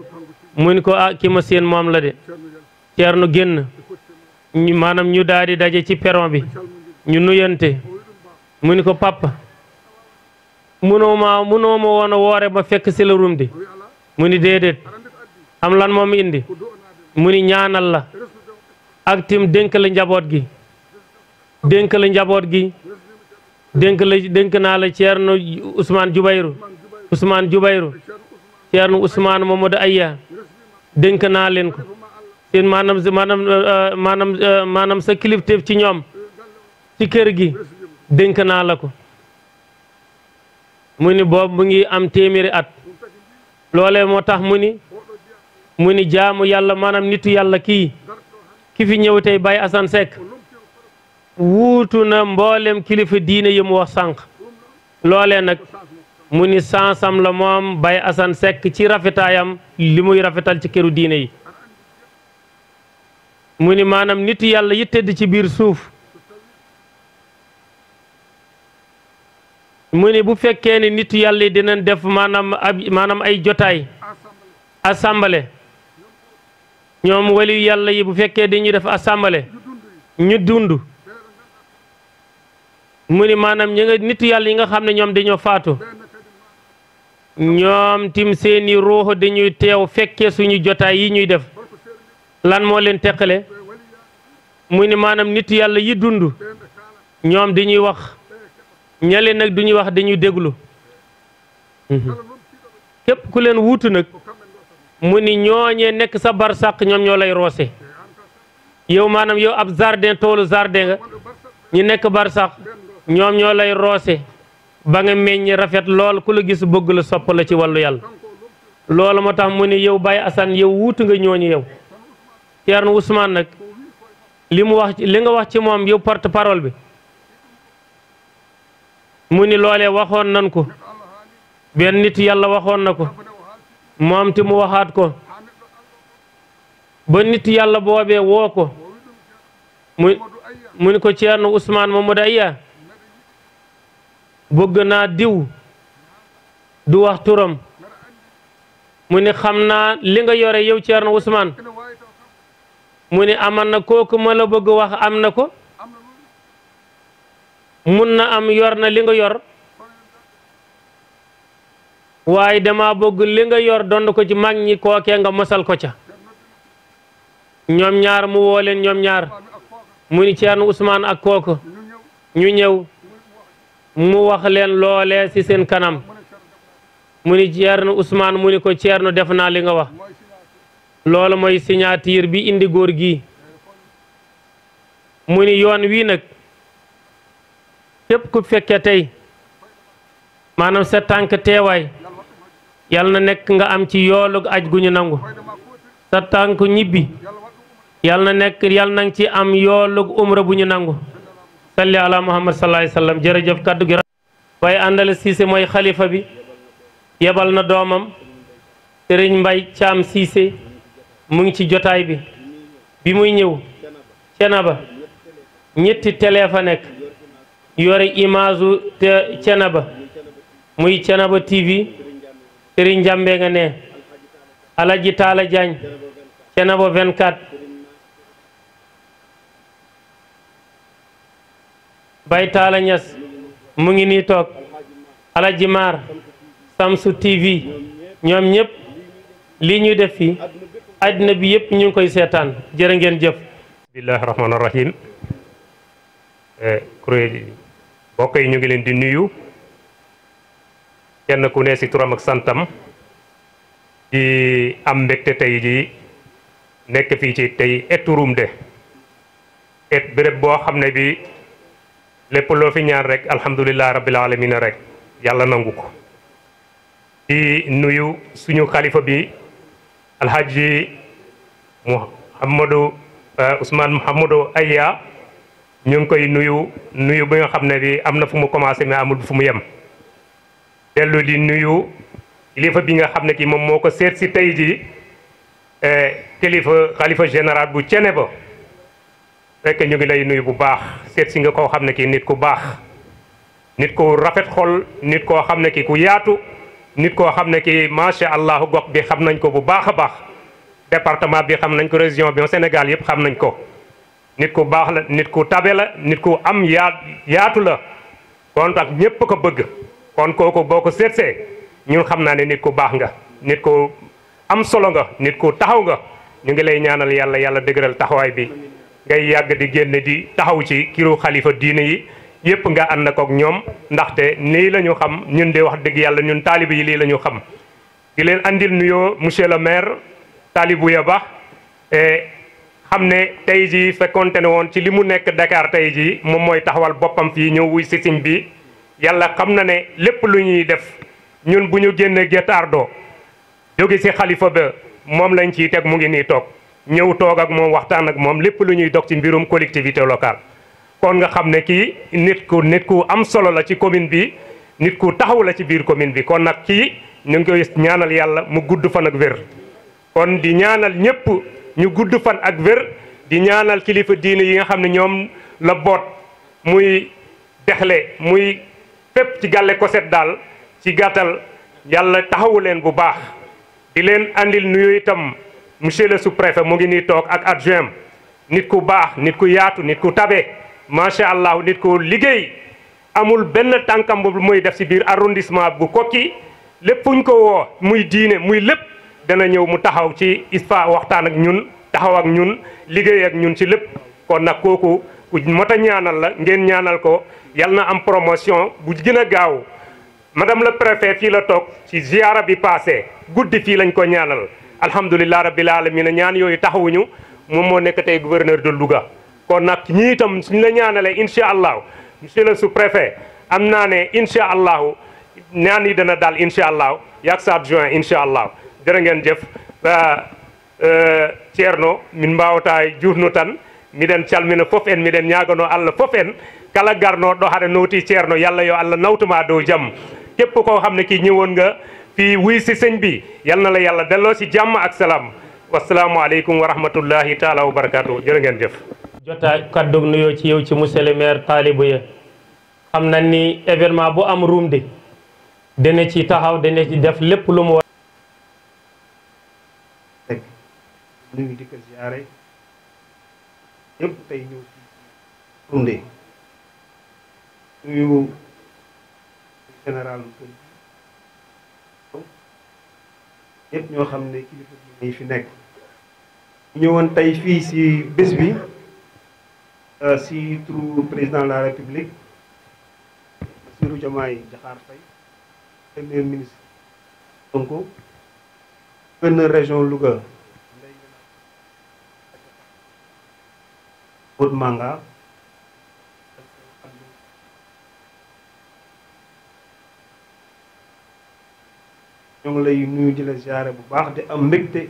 S3: mu ni ko ah ki ma seen moom la de Ceerno génn maanaam ñu daal di daje ci peron bi ñu nuyante mu ni ko papa munoo ma munoo woore ba fekk si la ruum déedéet am lan moom indi mu ni ñaanal la ak tim dénk la njaboot gi dénk la njaboot gi dénk la dénk naa la Ceerno Ousmane Jubayru Ousmane Jubayru Ceerno Ousmane Mamadou Aya dénk naa leen ko seen maanaam maanaam maanaam sa kilifteef ci ñoom ci kër gi dénk naa la ko mu ni boobu mu ngi am téeméeri at loolee moo tax mu ni mu ni jaamu yàlla maanaam nitu yàlla kii ki fi ñëw tey Baye Assane Seck wuutu na mboolem kilifa diine yi mu wax sànq loolee nag mu ni sansam la moom Baye Assane Seck ci rafetaayam limuy rafetal ci këru diine yi mu ni maanaam nitu yàlla yi tëdd ci biir suuf mu ni bu fekkee ne nitu yàlla yi dinañ def maanaam ab maanaam ay jotaay assemblée ñoom waliyu yàlla yi bu fekkee dañuy def assemblée ñu dund mu ni maanaam ñi nga nitu yàlla yi nga xam ne ñoom dañoo faatu ñoom tim seeni ruux dañuy teew fekkee suñu jotaay yi ñuy def lan moo leen teqale mu ni maanaam nitu yàlla yi dund ñoom dañuy wax ña leen nag duñuy wax dañuy déglu mhm. képp ku leen wuutu nag mu ni ñooñee nekk sa barsàq ñoom ñoo lay roose yow maanaam yow ab jardin toolu jardin nga ñu nekk barsàq ñoom ñoo lay roose ba nga meññ rafet lool ku la gis bëgg la sopp la ci wàllu yàlla loolu moo tax mu ni yow Baye Assane yow wuutu nga ñooñu yow Thierno Ousmane nag li mu wax li nga wax ci moom yow porte parole bi mu ni loolee waxoon nan ko benn nit yàlla waxoon na ko moom te mu waxaat ko ba nit yàlla boobee woo ko mu mu ni ko ceerno Ousmane Mamadou Aya bëgg naa diw du wax turam mu ni xam naa li nga yore yow ceerno Ousmane mu ni aman na kooku ma la bëgg wax am na ko mun na am yor na li nga yor waaye dama bëgg li nga yor dond ko ci mag ñi kooke nga mosal ko ca ñoom ñaar mu woo leen ñoom ñaar mu ni Ceerno Ousmane ak kooku ñu ñëw mu wax leen loolee ci seen kanam mu ni Ceerno Ousmane mu ni ko Ceerno def naa li nga wax loolu mooy signature bi indi góor gi mu ni yoon wii nag képp ku fekke tey maanaam sa tànk teewaay yal na nekk nga am ci yoolug aj gu ñu nangu sa tànk ñibbi yal na nekk yal na ci am yoolug umra bu ñu nangu salli ala muhammad sallallahu alayhi wasallam jërëjëf kaddu gi waaye àndale siise mooy xalifa bi yebal na doomam sëriñ mbay caam siise mu ngi ci jotaay bi bi muy ñëw cenaba ñetti télé nekk yore image u cenaba muy cenaba tv sëriñ jàmbe nga ne alaji taala jaañ cenabo 24 bay taala ñas mu ngi nii toog alaji maar samsu tv ñoom ñëpp lii ñuy def fii àddina bi yëpp ñu ngi koy seetaan jërë ngeen jëf
S4: bismillahi rahmaani rahim eh, kuréel yi ñu ngi leen di nuyu kenn ku ne si turam ak santam di am mbégte tey ji nekk fii ci tey ettu Rumde et béréb boo xam ne bi lépp loo fi ñaan rek alhamdulilah rabbil alamin rek yàlla nangu ko di nuyu suñu xalifa bi alhaji Muhammadu euh, Ousmane Muhammadu Aya ñu ngi koy nuyu nuyu ba nga xam ne bi am na fu mu commencé mais amul fu mu yem dellu di nuyu kilifa bi nga xam ne ki moom moo ko seet si tey ji eh, kilifa xalifa général bu cene ba fekk ñu ngi lay nuyu bu baax seet si nga koo xam ne ki nit ku baax nit ku rafet xol nit koo xam ne ki ku yaatu nit koo xam ne ki macha allah gox bi xam nañ ko bu baax a baax département bi xam nañ ko région bi Sénégal yëpp xam nañ ko nit ku baax la nit ku tabe la nit ku am yaa yaatu la kon tax ñëpp ko bëgg kon kooku boo ko seetsee ñun xam naa ne nit ku baax nga nit ku am solo nga nit ko taxaw nga ñu ngi lay ñaanal yàlla yàlla dëgëral taxawaay bi ngay yàgg di génn di taxaw ci kiru xalifa diine yi yëpp nga ànd na kook ñoom ndaxte nii lañu ñu xam ñun de wax dëgg yàlla ñun taalibe yi lii la xam di leen andil nuyoo monsieur le maire Talibou ya baax e, xam ne tey jii fekkonte ne woon ci li mu nekk Dakar tey jii moom mooy taxawal boppam fii ñëw wuy si bi yàlla xam na ne lépp lu ñuy def ñun bu ñu génn Guet Ardo jóge ci xalifa ba moom lañ ciy teg mu ngi nii toog ñëw toog ak moom waxtaan ak moom lépp lu ñuy dog ci mbirum collectivité locale kon nga xam ne kii nit ku nit ku am solo la ci commune bi nit ku taxaw la ci biir commune bi kon nag kii ñu ngi koy ñaanal yàlla mu gudd fan ak wér kon di ñaanal ñëpp ñu gudd fan ak wér di ñaanal kilifa diine yi nga xam ne ñoom la boot muy dexle muy fépp ci gale Kossette daal ci gàttal yàlla taxawu leen bu baax di leen andil nuyu itam monsieur le sous-préfet mu ngi nii toog ak adjoint nit ku baax nit ku yaatu nit ku tabe macha allah nit ko liggéey amul benn tànkam bu muy def ci biir arrondissement bu kokki lépp fuñ ko woo muy diine muy lépp dana ñëw mu taxaw ci ISPA waxtaan ak ñun taxaw ak ñun liggéey ak ñun ci lépp kon nag kooku ku mot ñaanal la ngeen ñaanal ko yal na am promotion bu gën a gaaw madame la préfet fii la toog ci ziara bi passé guddi fii lañ ko ñaanal alhamdulilah rabbil alamin ñaan yooyu ñu moom moo nekk tey gouverneur de Louga kon nag ñii itam suñ la ñaanalee incha allahu monsieur la su préfet am naa ne incha allahu ñaan yi dana daal incha allah yaag sa join incha allah jërë ngeen jëf ceerno euh, min mbawata juutno tan miɗen calmina fof en miɗen ñagono allah fof en kala garnoɗo haɗa nowti ceerno yalla yo allah nawtuma dow jaam képp koo xam ne kii ñëwoon nga fii wuy si sëñ bi yal na la yàlla delloo si jàmm ak salaam wasalaamualeykum wa rahmatullahi taala wa barakaatu jërë ngeen jëf
S3: jotaa kaddu nuyoo ci yow ci monsieur le maire taalibu ya xam na ni événement bu am ruumde dana ci taxaw dana ci def lépp lu mu
S5: war nuyu général kër ñëpp ñoo xam ne kilifa yi fi nekk ñëwoon tey fii si bés bi euh, si turu président la république Bassirou Diomaye Diakhar Faye premier ministre Sonko gouverneur région Louga Haute ñoo lay nuyu di la bu baax di am mbégte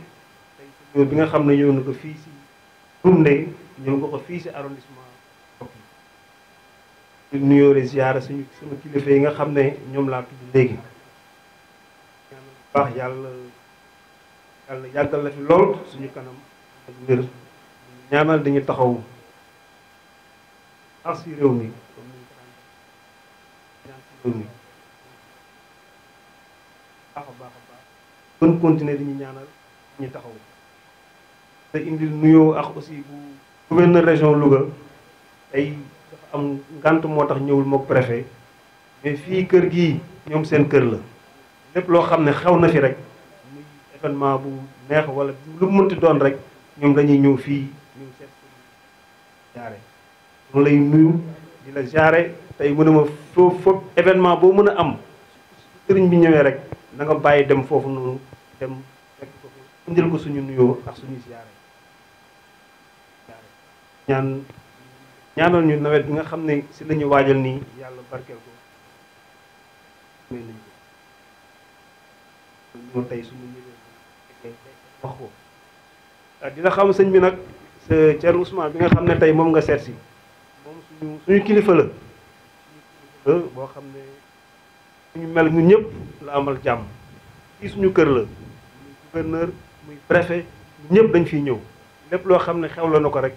S5: bi nga xam ne ñëw na fii si Koundé ñëw si arrondissement nuyoo di ziare suñu sama kilifa yi nga xam ne ñoom laa tudd léegi. baax yàlla yàlla yàggal la fi lool suñu kanam ak mbir ñaanal dañu taxaw as si réew mi comme ni ñu ko réew mi. ban continuer di ñu ñaanal ñu taxaw te indi nuyoo ak aussi bu gouverneur région Louga ay dafa am ngànt moo tax ñëwul mook préfet mais fii kër gii ñoom seen kër la lépp loo xam ne xew na fi rek muy événement bu neex wala lu mënti doon rek ñoom dañuy ñëw fii ñëw seet jaare mu lay nuyu di la jaare tey mu ne ma foofu événement boo mën a am sëriñ bi ñëwee rek na bàyyi dem foofu noonu dem ko suñu nuyoo ak suñu siyaare ñaan ñaanal nawet bi nga xam ne si la ñu waajal nii yàlla barkeel ko may tey suñu ñëwee ko ah, dina xam sëñ bi nag Thierno Ousmane bi nga xam ne tey moom nga seet si moom suñu suñu kilifa la boo xam ne suñu mel ñun ñëpp la amal jàmm fii suñu kër la gouverneur muy préfet ñëpp dañ fiy ñëw lépp loo xam ne xew la na ko rek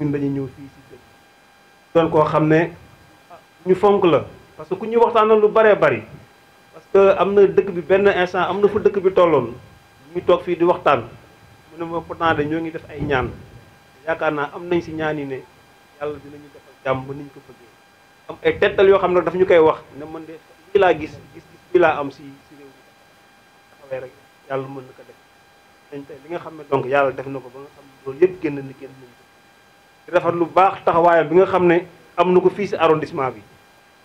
S5: ñun dañu ñëw fii si dëkk doon koo xam ne ñu fonk la parce que ku ñuy waxtaanal lu bëree bari parce que am na dëkk bi benn instant am na fu dëkk bi tolloon ñu toog fii di waxtaan mu ne ma pourtant de ñoo ngi def ay ñaan yaakaar naa am nañ si ñaan yi ne yàlla dinañu defal jàmm ba niñ ko bëggee am ay tettal yoo xam ne daf ñu koy wax ne mën de lii laa gis gis-gis laa am si si réew mi taxawee rek yàlla mën na ko def dañ tey li nga xam ne donc yàlla def na ko ba nga xam ne loolu yëpp génn ni génn nañ ci rafet lu baax taxawaayam bi nga xam ne am na ko fii si arrondissement bi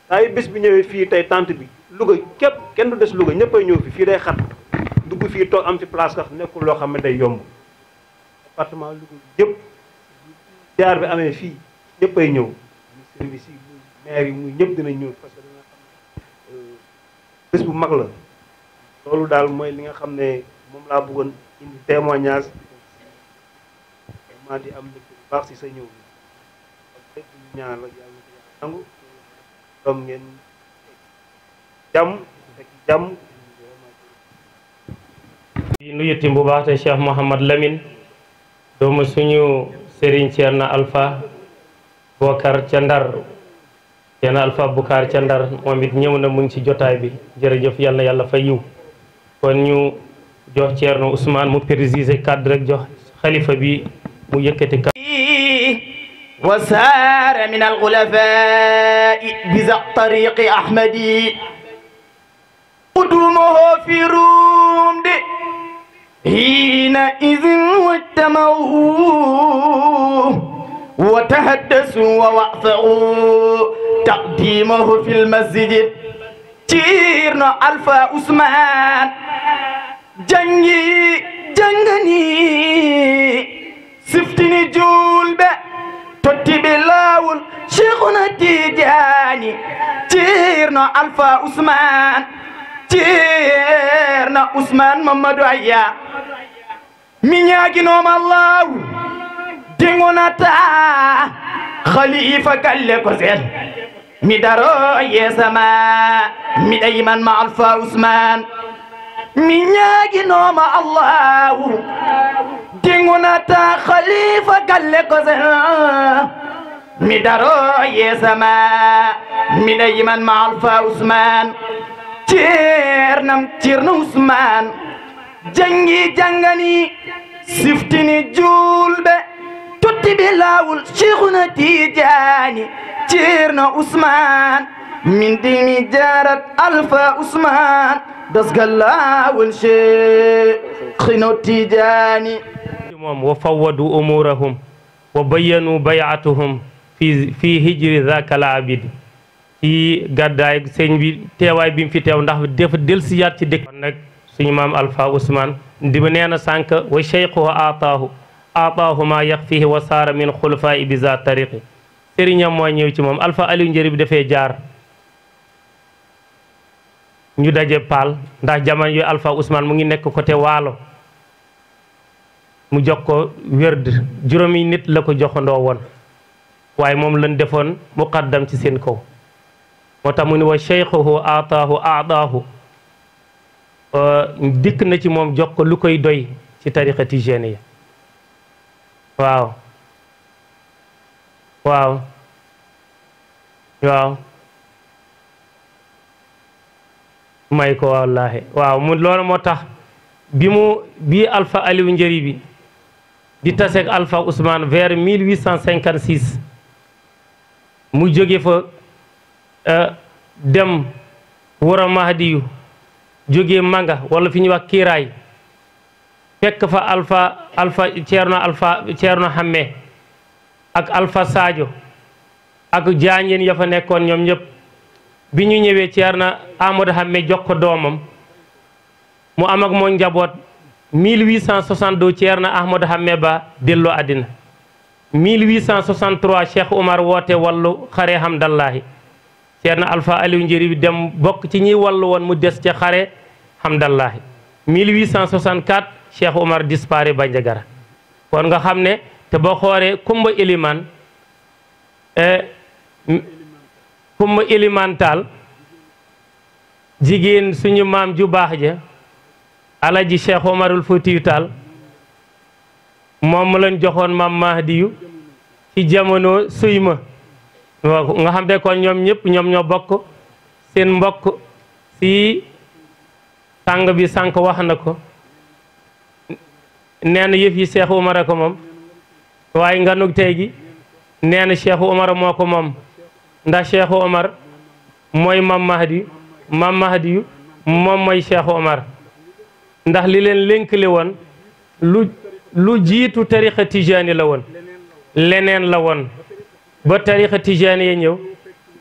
S5: saa yu bés bi ñëwee fii tey tente bi Louga képp kenn du des Louga ñëppay ñëw fi fii day xat dugg fii toog am ci place sax nekkul loo xam ne day yomb département Louga yëpp jaar bi amee fii ñëppay ñëw muy service yi muy maire yi muy ñëpp dinañ ñëw parce que dina xam euh, bés bu mag la loolu daal mooy li nga xam ne moom laa bëggoon indi témoignage vraiment di am mbégte bu baax si sa ñëw bi lépp
S2: ñu ñaan la yàlla na ko
S5: yàlla nangu doom ngeen jàmm fekk jàmm
S3: di nuyu tim bu baax te Cheikh Mouhamad Lamine doomu suñu Serigne Thierno Alpha ca Ndar Thierno Alpha Bokar ca Ndar moom it ñëw na mu ngi ci jotaay bi jërëjëf yàlla yàlla fa yiw kon ñu jox Thierno Ousmane mu préciser kaddu rek jox xalifa bi mu yëkkati kaddu
S6: wa saara min alxulafai biza tariqi ahmadi قدومه في رومد حينئذ واجتمعوا وتحدثوا ووقفوا تقديمه في المسجد تيرنا ألف عثمان jangi jangani siftini julɓe tottiɓe laawol cheikhuna tidiani ceerno alpha ousmane ceerno ousmane mamadou aya mi ñaaginoma laawu degonata khalifa galle ko seen mi daro yeesama miɗa yiman ma alpha ousmane mi ñaagi nooma allahu dingunata khalifa galle ko sen mi daro yesama mina yiman ma alfa usman ceernam ceerno usman jangi jangani siftini julɓe tottiɓe lawol cheikhuna tijani ceerno usman min dimi jarat alfa usman dasgalaawul cheikhina tijaani moom wa fawwadu
S3: umuurahum wa bayyanu bayatuhum fi hijri zaka al abid sëñ bi teewaay bi mu fi teew ndax dafa dellusiwaat ci dëkk nag suñu maam Alpha Ousmane di ba nee na sànq wa cheikhuhu aataahu aataahu maa yaxfihi wa min xulafaa bi za tariqi sëriñam mooy ñëw ci moom Alpha Aliou Njëri bi dafee jaar ñu daje paal ndax jamono yu Alpha Ousmane mu ngi nekk côté waalo mu jox ko wérd juróomi nit la ko joxandoo woon waaye moom lañ defoon muqaddam ci seen kaw moo tax mu ni wa cheikhuhu aataahu aataahu euh, dikk na ci moom jox ko lu koy doy ci tariqa tijaaniya waaw waaw waaw may ko wallaahi waaw mu loolu moo tax bi mu bii Alpha Aliou Njëri bi di taseeg Alpha Ousmane mu jóge fa euh, dem war a Mahdiyu jóge Manga wala fi ñuy wax Kiiraay fekk fa Alpha Alpha Ceerno Alpha Ceerno Hamme ak Alpha Sadio ak jaañeen ya nekkoon ñoom ñëpp bi ñu ñëwee Ceerno Amadou Hamme jox ko doomam mu am ak moom njaboot 1862 Ceerno Ahmadou Hamme ba delloo àddina 1863 Cheikh Umar woote wallu xare Hamdallahi na Alpha Aliou Njëri dem bokk ci ñiy wallu woon mu des ca xare Hamdallahi 1864 Cheikh Umar disparaît Bandiagara kon nga xam ne te boo xoolee Kumba Eliman eh, kumba ilimantaal jigéen suñu maam ju baax ja alaji cheikh omarul futiyu taal moom lañ joxoon maam mahdiyu ci jamono suy ma nga xam te ñoom ñëpp ñoom ñoo bokk seen mbokk si tàng bi sànq wax na ko nee na yëf yi cheikh omar a ko moom waaye nganug tey gi nee na cheikh omar moo ko moom ndax Cheikh Omar mooy Mam Mahdi Mam Mahdi moom mooy Cheikh Omar ndax li leen lénkale woon lu lu jiitu tariqa tijaani la woon leneen la won ba tariqa tijaani ya ñëw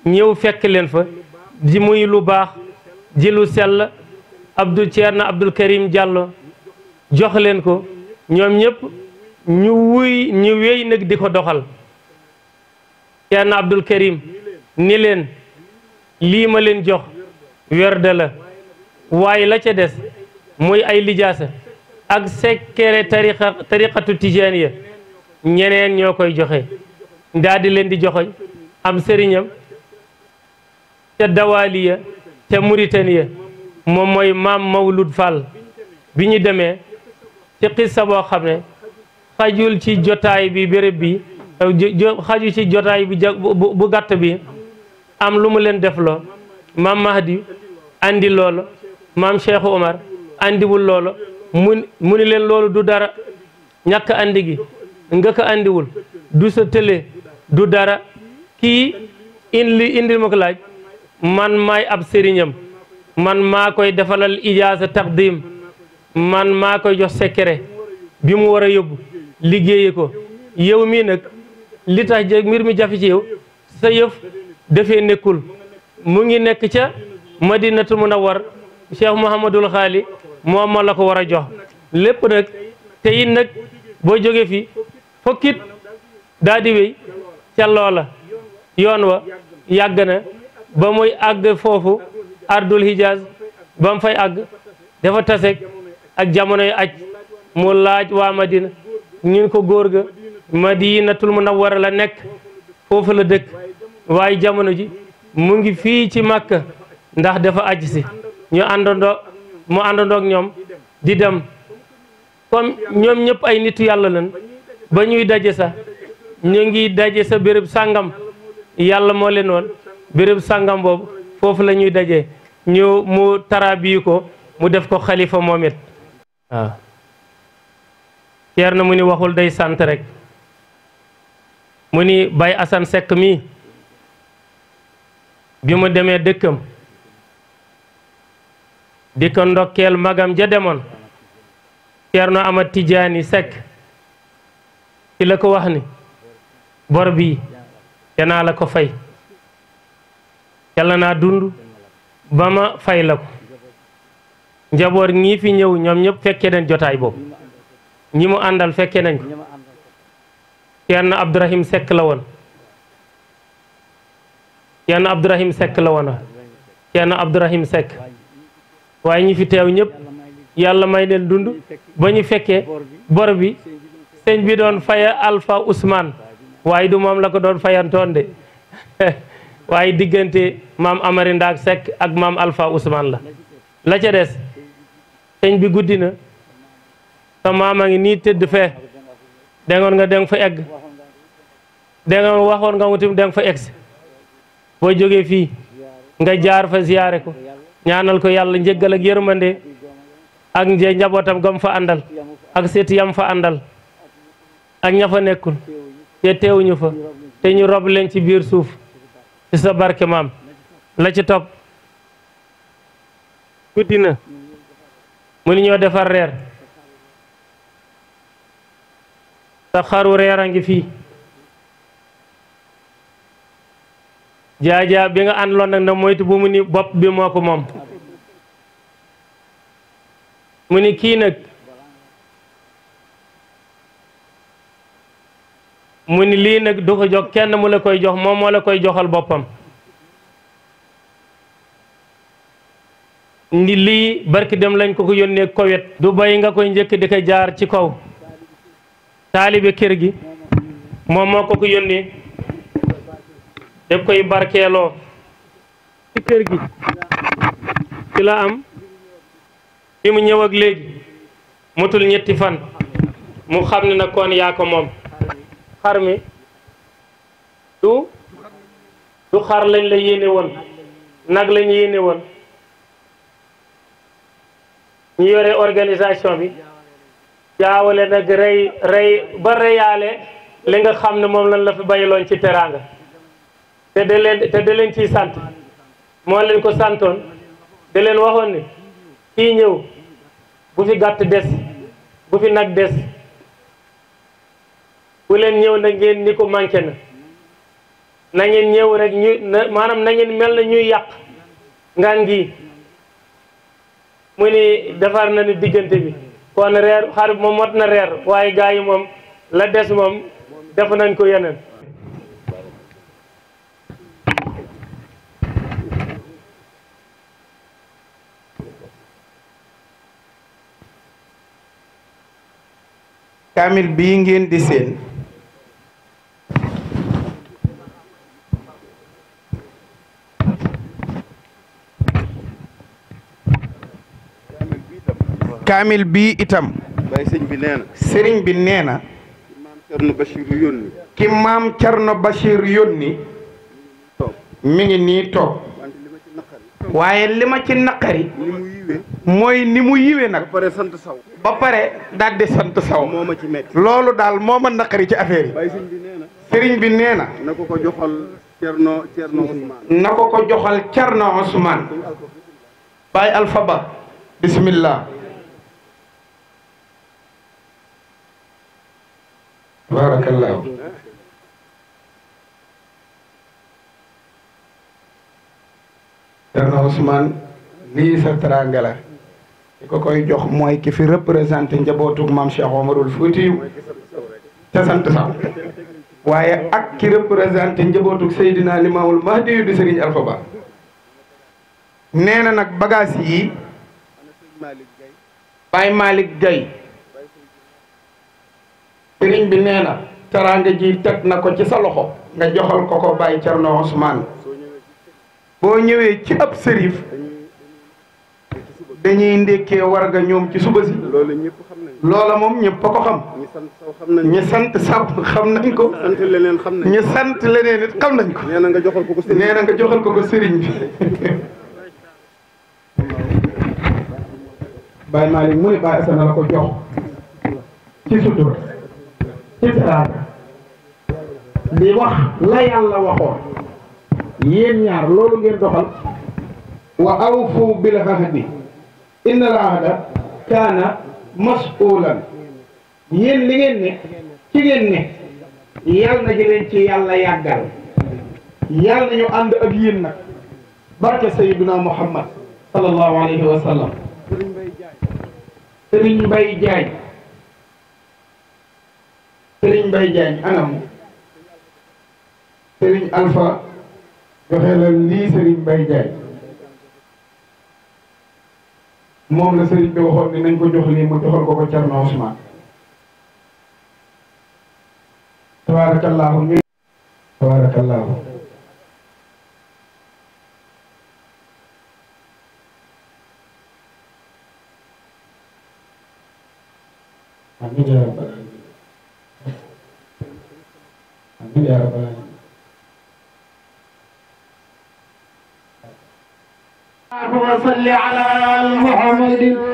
S3: ñëw fekk leen fa ji muy lu baax ji lu sell Abdou Thierno Abdoul Karim Diallo jox leen ko ñoom ñëpp ñu wuy ñu wéy nag di ko doxal Thierno Abdoul Karim ni leen lii ma leen jox werde la waaye la ca des muy ay lijaasa ak sekkere tariqa tariqatu tijaaniya ñeneen ñoo koy joxe daal di leen di joxoñ am sëriñam ca dawaaliya ca Mauritania moom mooy maam Mawlud Fall bi ñu demee ci xissa boo xam ne xajul ci jotaay bi béréb bi xaju ci jotaay bu bu gàtt bi am lu mu leen def loo maam Mahdi andi loola maam Cheikh Omar andiwul loola mu mu ni leen loolu du dara ñàkk andi gi nga andiwul du sa télé du dara kii indi indil ma ko laaj man maay ab sëriñam man maa koy defalal ijaasa taqdim man maa koy jox secret bi mu war a yóbbu liggéeyi ko yow mii nag li tax mbir mi jafe ci yow sa yëf dafee nekkul mu ngi nekk ca madinatu munawwar cheikh mouhamadul xaali moom moo la ko war a jox lépp nag te it nag boo jóge fi fokkit daldi di wéy ca loola yoon wa yàgg na ba muy àgg foofu ardul hijaz ba mu fay àgg dafa taseeg ak jamonoy aj mu laaj waa madina ñun ko góor ga madinatul munawwara la nekk foofu la dëkk waaye jamono ji mu ngi fii ci Makka ndax dafa aj si ñu àndandoo mu àndandoog ñoom di dem comme ñoom ñëpp ay nitu yàlla lan ba ñuy daje sa ñu ngi daje sa bërëb sàngam yàlla moo leen woon béréb sàngam boobu foofu lañuy daje dajee ñu mu taraabi mu def ko xalifa moom it waaw na mu ni waxul day sant rekk mu ni Baye Assane Seck mii bi mu demee dëkkam di ko ndokkeel magam ja demoon Ceerno Amat Tijaani Sekk ci la ko wax ni bor bii danaa la ko fay yàlla naa dund ba ma fay la ko njaboot ñii fi ñëw ñoom ñëpp fekkee nañ jotaay boobu ñi mu àndal fekkee nañ ko Ceerno Abdourahim Sekk la woon kenn Abdourahim sekk la woon kenn Abdourahim Seck waaye ñi fi teew ñëpp yàlla may leen dund ba ñu fekkee bor bi sëñ bi doon faya Alpha Ousmane waaye du moom la ko doon fayantoon de waaye diggante maam Amari Ndaak Seck ak maam Alpha Ousmane la la ca des sëñ bi guddi na sa maam a ngi nii tëdd fee dengoon nga deng fa egg dengoon waxoon nga wutim deng fa egg boo jóge fii nga jaar fa ziyaare ko ñaanal ko yàlla njëggal ak yërmande ak njee njabootam gam fa àndal ak seet yam fa àndal ak ña fa nekkul te teewuñu fa te ñu rob leen ci biir suuf ci sa barke maam la ci topp guddi na mu ni ñoo defar reer sa xaru reer ngi fii jaa jaa bi nga àndaloon nag na moytu bu mu ni bopp bi moo ko moom mu ni kii nag mu ni lii nag du ko jox kenn mu la koy jox moom moo la koy joxal boppam ni lii barki dem lañ ko ko yónnee kowet du bay nga koy njëkk di ko jaar ci kaw taalibe kër gi moom moo ko ko yónnee daf koy barkeeloo ci kër gi ci la am bi mu ñëw ak léegi motul ñetti fan mu xam ne na kon yaa ko moom xar mi du du xar lañ la yéene woon nag lañ yéene woon ñu yore organisation bi jaawale nag rey rey ba reyaale li nga xam ne moom lañ la fi looñ ci teraanga te da da leen ciy sant moo leen ko santoon da leen waxoon ni kii ñëw bu fi gàtt des bu fi nag des bu leen ñëw na ngeen ni ko manqué na na ngeen ñëw rek ñu maanaam na ngeen mel na ñuy yàq ngaan gi mu ni defar na ni diggante bi kon reer xar moom mot na reer waaye gaa yi moom la des moom def nañ ko yeneen
S1: kamil bii ngeen di seen kaamil bii itam waaye sëriñ bi nee na sëriñ bi na ki maam Cerno Bachir waaye li ci naqari mooy ni mu yiwee nag. ba pare sant saw. ba pare daal di sant saw. moo ma loolu daal moo ma naqari ci affaire yi. sëriñ bi nee na. sëriñ ko ko joxal Cerno Cerno na ko ko joxal Cerno Ousmane. Baye Alpha Ba. lii sa teraanga ko koy jox mooy ki fi représenté njabootug maam Cheikh Omarul Fuuti ca sant saw waaye ak ki représenté njabootug Seydina Limaamul Mahdi yu di Serigne Alpha Ba na nag bagaas yi Baye Malick Gueye sëriñ bi nee na teraanga ji teg na ko ci sa loxo nga joxal ko ko Baye Thierno Ousmane boo ñëwee ci ab sërif dañuy ndékkee warga ñoom ci suba si. loola ñëpp loola moom ñëpp a ko xam. ñi sant saw xam nañ ko ñi sant saw xam nañ ko. ñi sant leneen xam nañ ko sant leneen it xam nañ ko. nee nga joxal ko ko sëriñ bi nee na nga joxal ko ko sëriñ bi. Baye Malick mu ne Baye Assane la ko jox ci sutura ci teraanga di wax la yàlla waxoon yéen ñaar loolu ngeen doxal. wa awfu bil ahdi inna al-ahda kaana mas'uulan yéen li ngeen ne ci ngeen ne yal na jëleen ci yàlla yàggal yal na ñu ànd ak yéen nag barke sayyiduna muhammad sallallahu alayhi wa sallam sëriñ mbay jaay sëriñ mbay jaay anam sëriñ alfa joxe la lii sëriñ mbay jaay moom la sëriñ bi waxoon ni nañ ko jox lii mu joxal ko ko Thierno Ousmane tabaarakallaahu ñu tabaarakallaahu
S2: amiin yaa rabbal aalamiin amiin yaa rabbal aalamiin
S1: اللهم صل على العالمين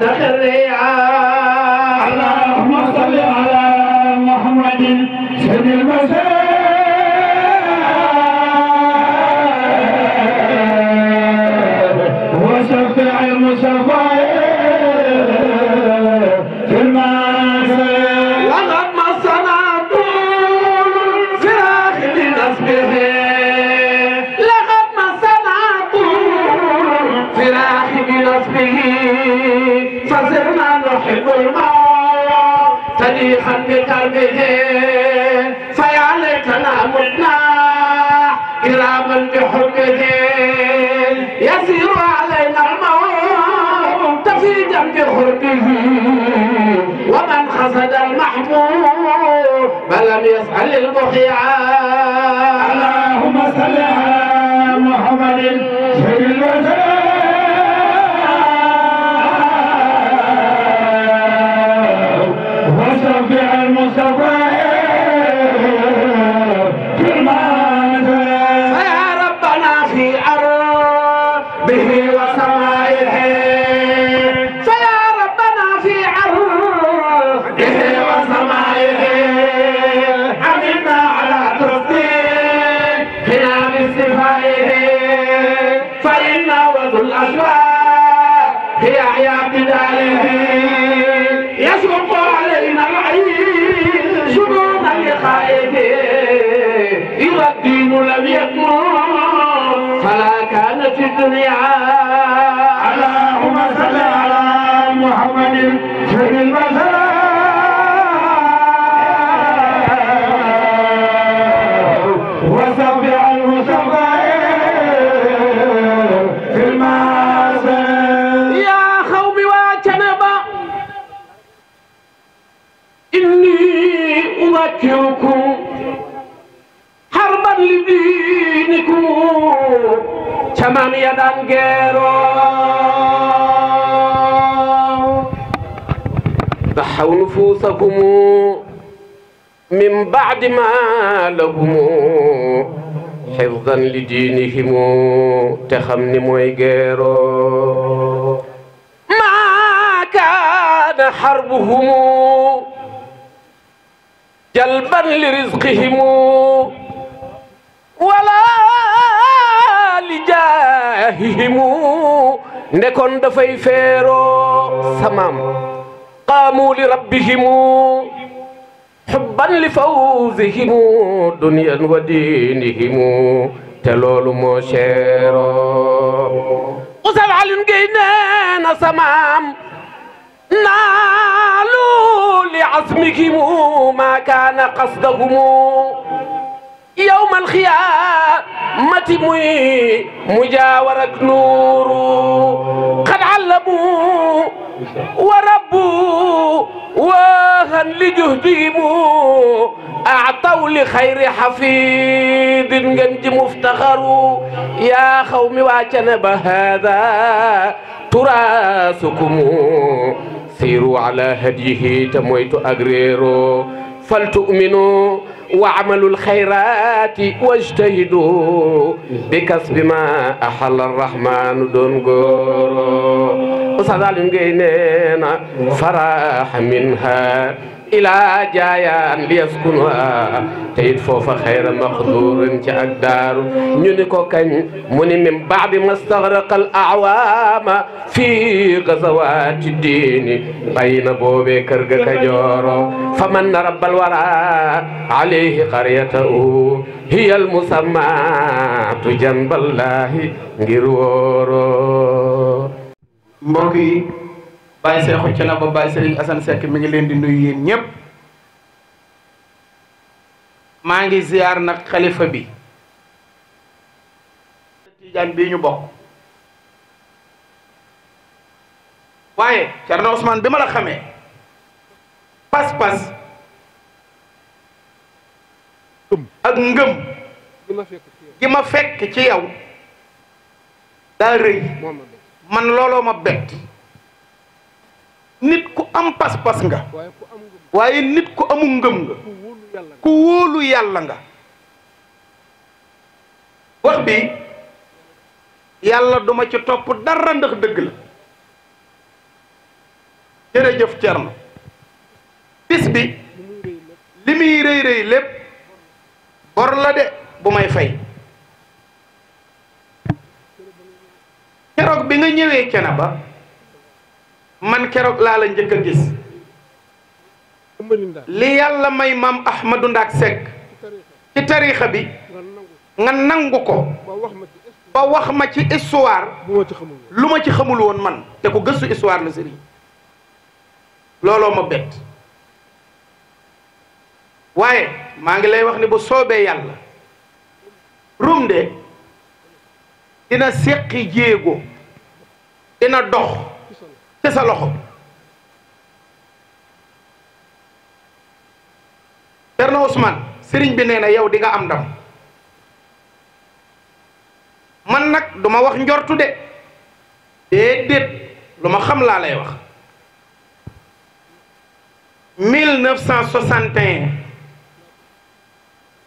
S7: تخريعا وصفه فصرنا نحب
S6: الموت
S7: تليخا بكربه فيا ليتنا متنا كراما بحبه
S2: يسير علينا
S7: الموت في جنب حبه ومن حسد المحبوب فلم يسأل البخيعات man ya daan geeroo daxaw nufuusakum min baadi ma lahum xifdan li diinihim te xam ni mooy geeroo maa kaana xarbuhum jalban li rizqihim wala li jaa ilaahihimu ndekon dafay feeroo samaam qaamu li rabbihimu xubban li fawzihimu duniyan wa diinihimu te loolu moo ceeroo usal alin gey neena samaam naalu li azmihimu maa kaana qasdahumu yawmal xiyaamati muy mujaawar ak nuuru xad allamu wa rabbu waahan li juhdihimu aataw li xayri xafidin ngeen ji muftaxaru yaa xaw mi waa Canaba haada turaasukum siiru ala hadyihi te moytu agreero fal tu'minu وعملوا الخيرات واجتهدوا بكسب ما أحل الرحمن دون غورو أستاذ علي نينا فراح منها ilaa jaayaan li yaskunwaa te it foofa xayra maxduurin ci ak daaru ñu ni ko kañ mu ni min baadi mastaxraqa al awaama fii gazawaati diini bàyyi na boobee kër ga kajooro fa man na rabbal wara alayhi qaryatahu hiya al musammaatu
S1: janballahi ngir wóoro mbokk yi Baye Seexu ci Baye Serigne Assane Seck mi ngi leen di nuyu yéen ñépp maa ngi ziyaar nag xalifa bi tiijaan bii ñu bokk waaye Cerno Ousmane bi ma la pas-pas ak ngëm gi ma fekk ci yow daa rëy man looloo ma bett nit ku am pas-pas nga waaye nit ku amul ngëm nga ku wóolu yàlla nga wax bi yàlla duma ci topp dara ndax dëgg la jërëjëf Thierno bis bi li muy rëy rëy lépp bor la de bu may fay keroog bi nga ñëwee cene ba man keroog laa la njëkk a gis li yàlla may maam Ahmadou Ndaak Seck ci tariixa bi nga nangu ko ba wax ma ci histoire lu ma ci xamul woon man te ku gëstu histoire la sëriñ looloo ma bett waaye maa ngi lay wax ni bu soobee yàlla Rumde dina séqi jéego dina dox te sa loxo Cerno Ousmane sëriñ bi nee na yow dinga am ndam man nag duma wax njortu de déedéet lu ma xam laa lay wax 1961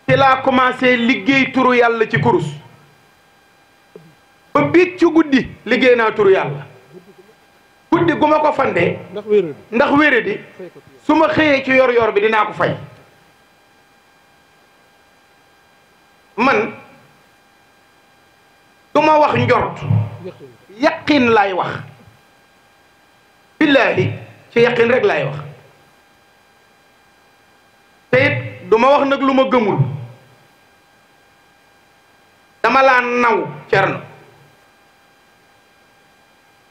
S1: ci laa commencé liggéey turu yàlla ci kurus ba biig ci guddi liggéey naa turu yàlla guddi gu ma ko fande ndax wére su ma xëyee ci yor yor bi dinaa ko fay man du ma wax njort yaqin lay wax billaahi ci yaqin rek laay wax te it du ma wax nag lu ma gëmul dama laa naw cerno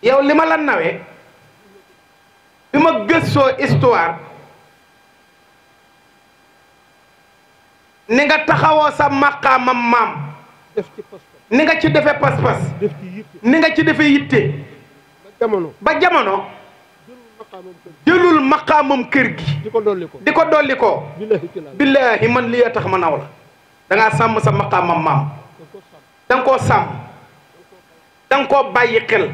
S1: yow li ma la nawee bi ma gëstoo histoire ni nga taxawoo sa maqaamam maam ni nga ci defee pas-pas ni nga ci defe yitte ba jamono jëlul maqaamam kër gi di ko dolli ko di ko dolli billaahi man lii a tax ma naw la dangaa sàmm sa maqaamam maam danga koo sàmm danga koo bàyyi xel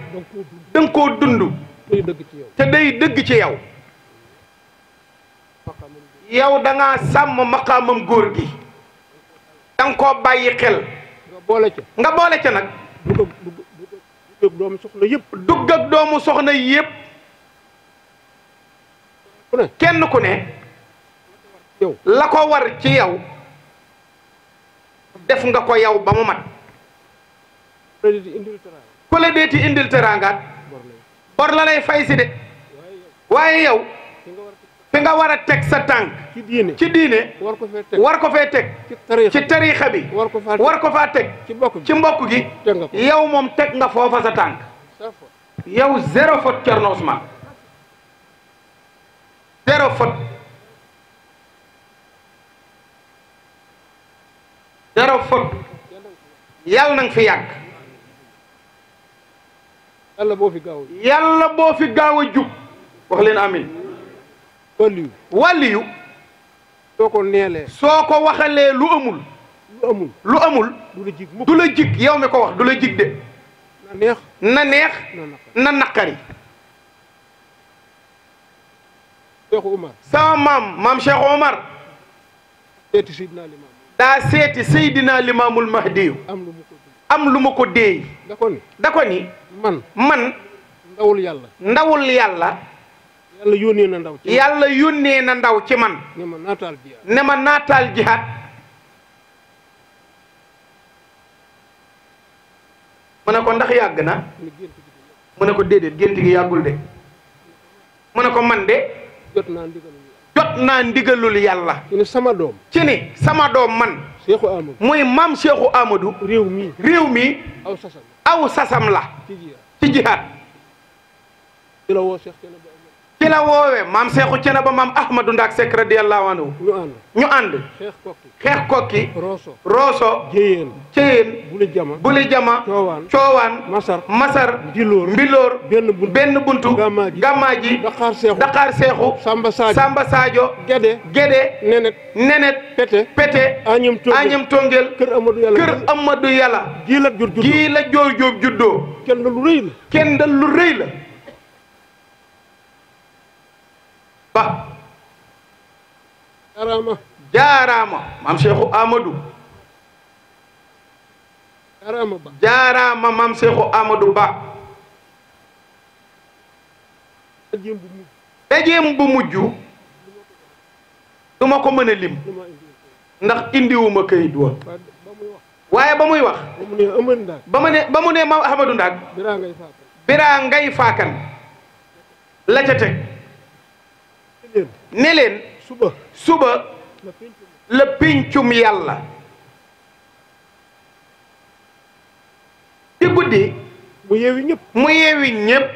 S1: danga koo dund day dëgg te day dëgg ci yow yow da ngaa sàmm maqaamam góor gi da nga bàyyi xel nga boole ca nag dugg ak doomu soxna dugg doomu soxna yépp kenn ku ne la ko war ci yow def nga ko yow ba mu mat ku la deeti war lalay lay fay si de waaye yow fi nga war a teg sa tànk ci diine ci diine war ko fee teg war ko fee teg ci tariixa bi war ko fa war ko faa teg ci mbokk gi yow moom teg nga foofa sa tànk yow zéro faute Thierno Ousmane zéro faute zéro faute fi yàgg yàlla boo fi gaaw a. yàlla fi gaaw a jub wax leen amin. wàlliyu wàlliyu. soo ko neelee. soo ko waxalee lu amul. lu amul lu amul. du la jig yow mi ko wax du la jig de. na neex na neex. na naqari. Cheikh Omar. sama maam maam Cheikh Omar. seeti Seydina Limaamul Mahdiyu. am lu ma ko déey da ko ni da ko ni man man ndawul yàlla ndawul yàlla yàlla yónnee na ndaw ci yàlla yónnee na ndaw ci man ne ma naataal jihaat ne ma naataal jihaat mu ne ko ndax yàgg na mu ne ko déedéet gént gi yàggul de mu ne ko man de jot naa ndigalul yàlla. ci ni sama doom. ci ni sama doom man. Cheikhou Amadou muy maam Cheikhou Amadou. réew mi réew mi. aw sasam la. ci jihaat ki la woowee maam Seexu ba maam Ahmadou Ndak Seck radiyallahu anhu ñu ànd xeex kokki xeex kokki rooso rooso jéyeen jéyeen buli jama coowaan masar masar mbilóor benn buntu benn buntu gàmmaaji daqaar seexu daqaar seexu samba sadio samba sadio gede gede nenet nenet pete pete añam tongel kër amadou yàlla kër amadou yàlla gii la jur juddoo gii la kenn dal lu rëy la kenn dal lu rëy la ba jaaraama jaaraama maam Cheikhou ba jaaraama bu mujj duma ko mën a lim ndax indiwuma këyit woon waaye ba muy wax ba mu ne ba mu biraa ngay faakan la ne leen suba suba la péncum yàlla ci guddi mu yeewi ñëpp mu yeewi ñëpp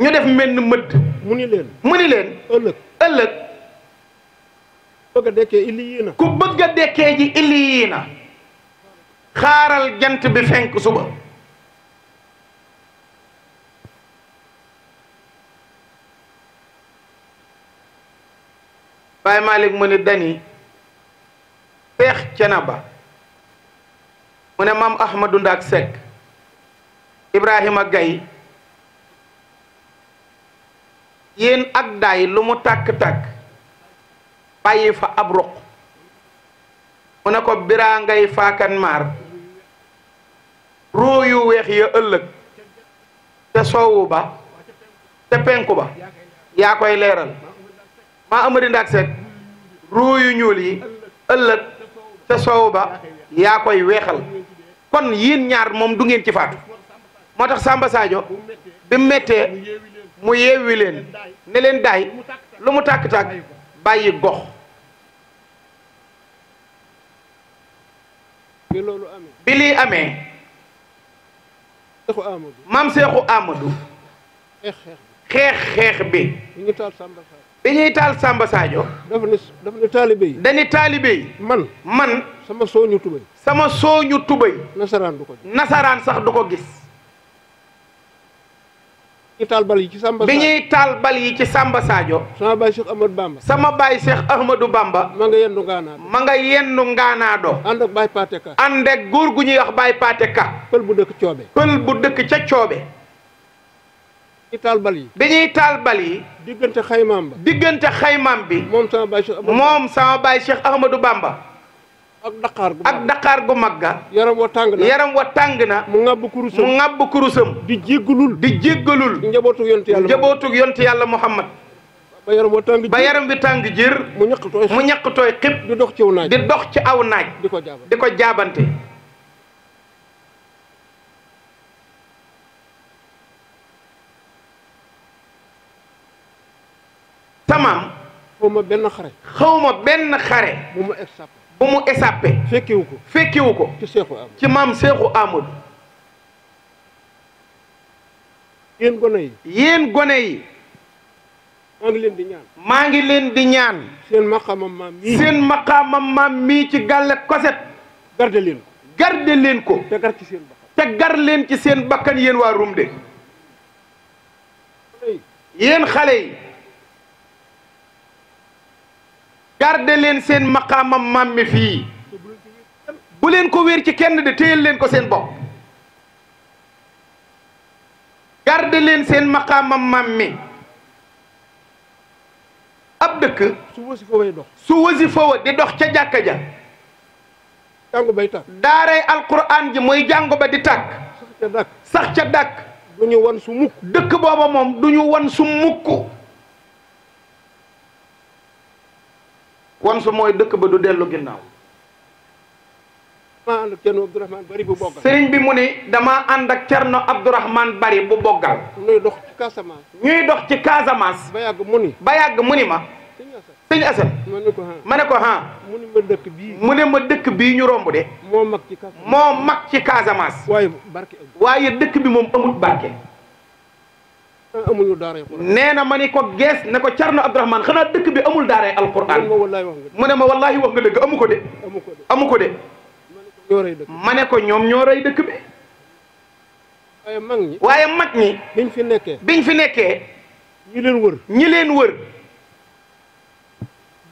S1: ñu def menn mëdd mu ni leen mu ni leen ëllëg ëllëg ku bëgg a dekkee illi yii na ku bëgg a dekkee ji illi yii na xaaral jant bi fenk suba Baay Malick mu ne dani Seex Canaba mu ne maam Ahmadou Ndak Seck Ibrahima Gaye yéen ak daay lu mu tàkk-tàkk bàyyi fa ab ruq mu ne ko biraa ngay faakan maar ruu weex ya ëllëg te soowu ba te penku ba yaa koy leeral maa amari ndaak seet ruuyu ñuul yi ëllëg ca soow ba yaa koy weexal kon yéen ñaar moom du ngeen ci faatu moo tax sàmba Sadio bi mu mu yeewi leen ne leen daay lu mu tàkk-tàkk bàyyi gox bi lii amee maam Seexu Amadou xeex xeex bi bi ñuy taal Samba Sadio. dafa ne dafa ne taalibe yi. man man. sama sooñu tubay. sama sooñu tubay. nasaraan du ko nasaraan sax du ko gis. bi ñuy taal bal yi ci Samba. bi ñuy taal bal yi ci Samba Sadio. sama baay Cheikh Ahmadou Bamba. sama baay Cheikh Ahmadou bàmba ma nga yendu ngaanaado. ma nga yendu ngaanaado. ànd ak baay Paate Ka. ànd ak góor gu ñuy wax baay Paate Ka. pël bu dëkk coobe. pël bu dëkk ca coobe. ci taal bal bi ñuy taal bal yi. diggante xaymaam ba. diggante xaymaam bi. moom sama baay Cheikh Bamba. ak daqaar gu ak daqaar gu mag ga. yaram wa tàng na yaram wa tàng na. mu ŋàbb kurusam kurusam. di jéggalul di jéggalul. njabootug yonti yàlla njabootug yonti yàlla Muhammad. ba yaram wa tàng jër ba yaram bi tàng jër. mu ñaq tooy mu ñaq tooy xib. di dox ci aw naaj di dox ci aw naaj. di ko jaabante. xawma benn xare. xawma benn xare. bu mu échappé. bu mu échappé. fekkiwu ko fekkiwu ko. ci seexu Amadou ci maam seexu Amadou. yéen gone yi. yéen gone yi. maa ngi leen di ñaan. maa ngi leen di ñaan. seen
S7: maqaamam maam
S1: mii. maam mii ci gàlle koset. garde leen ko. garde leen ko. te gar leen ci seen bakkan yéen waa Rumde. yéen xale yi. garde leen seen maqaamam maam fii bu leen ko wér ci kenn de téyel leen ko seen bopp garde leen seen maqaamam maam ab dëkk su wasifa dox su wasifa wa di dox ca jàkka ja jàngu bay tàkk ji mooy jàngu ba di tàkk sax ca dàkk sax ca dàkk du ñu wan su mukk dëkk booba moom du ñu wan su mukk wan su mooy dëkk ba du dellu ginnaaw sëriñ bi mu ni dama ànd ak Cerno Abdourahmane Bari bu boggal ñuy dox ci Casamance ñuy dox ci Casamance ba yàgg mu ni ba yàgg mu ni ma sëñ Asan ma ne ko han mu ne ma dëkk bii mu ne ma dëkk bii ñu romb de moo mag ci Casamance waaye dëkk bi moom amut barke amul daaray nee na ma ni ko gees ne ko Thierno Abdourahmane xanaa dëkk bi amul daaray alquran mu ne ma wallaahi wax nga dëgg amu ko de amu ko de ma ne ko ñoom ñoo rey dëkk bi waaye mag ñi waaye biñ fi nekkee biñ fi nekkee ñi leen wër ñi leen wër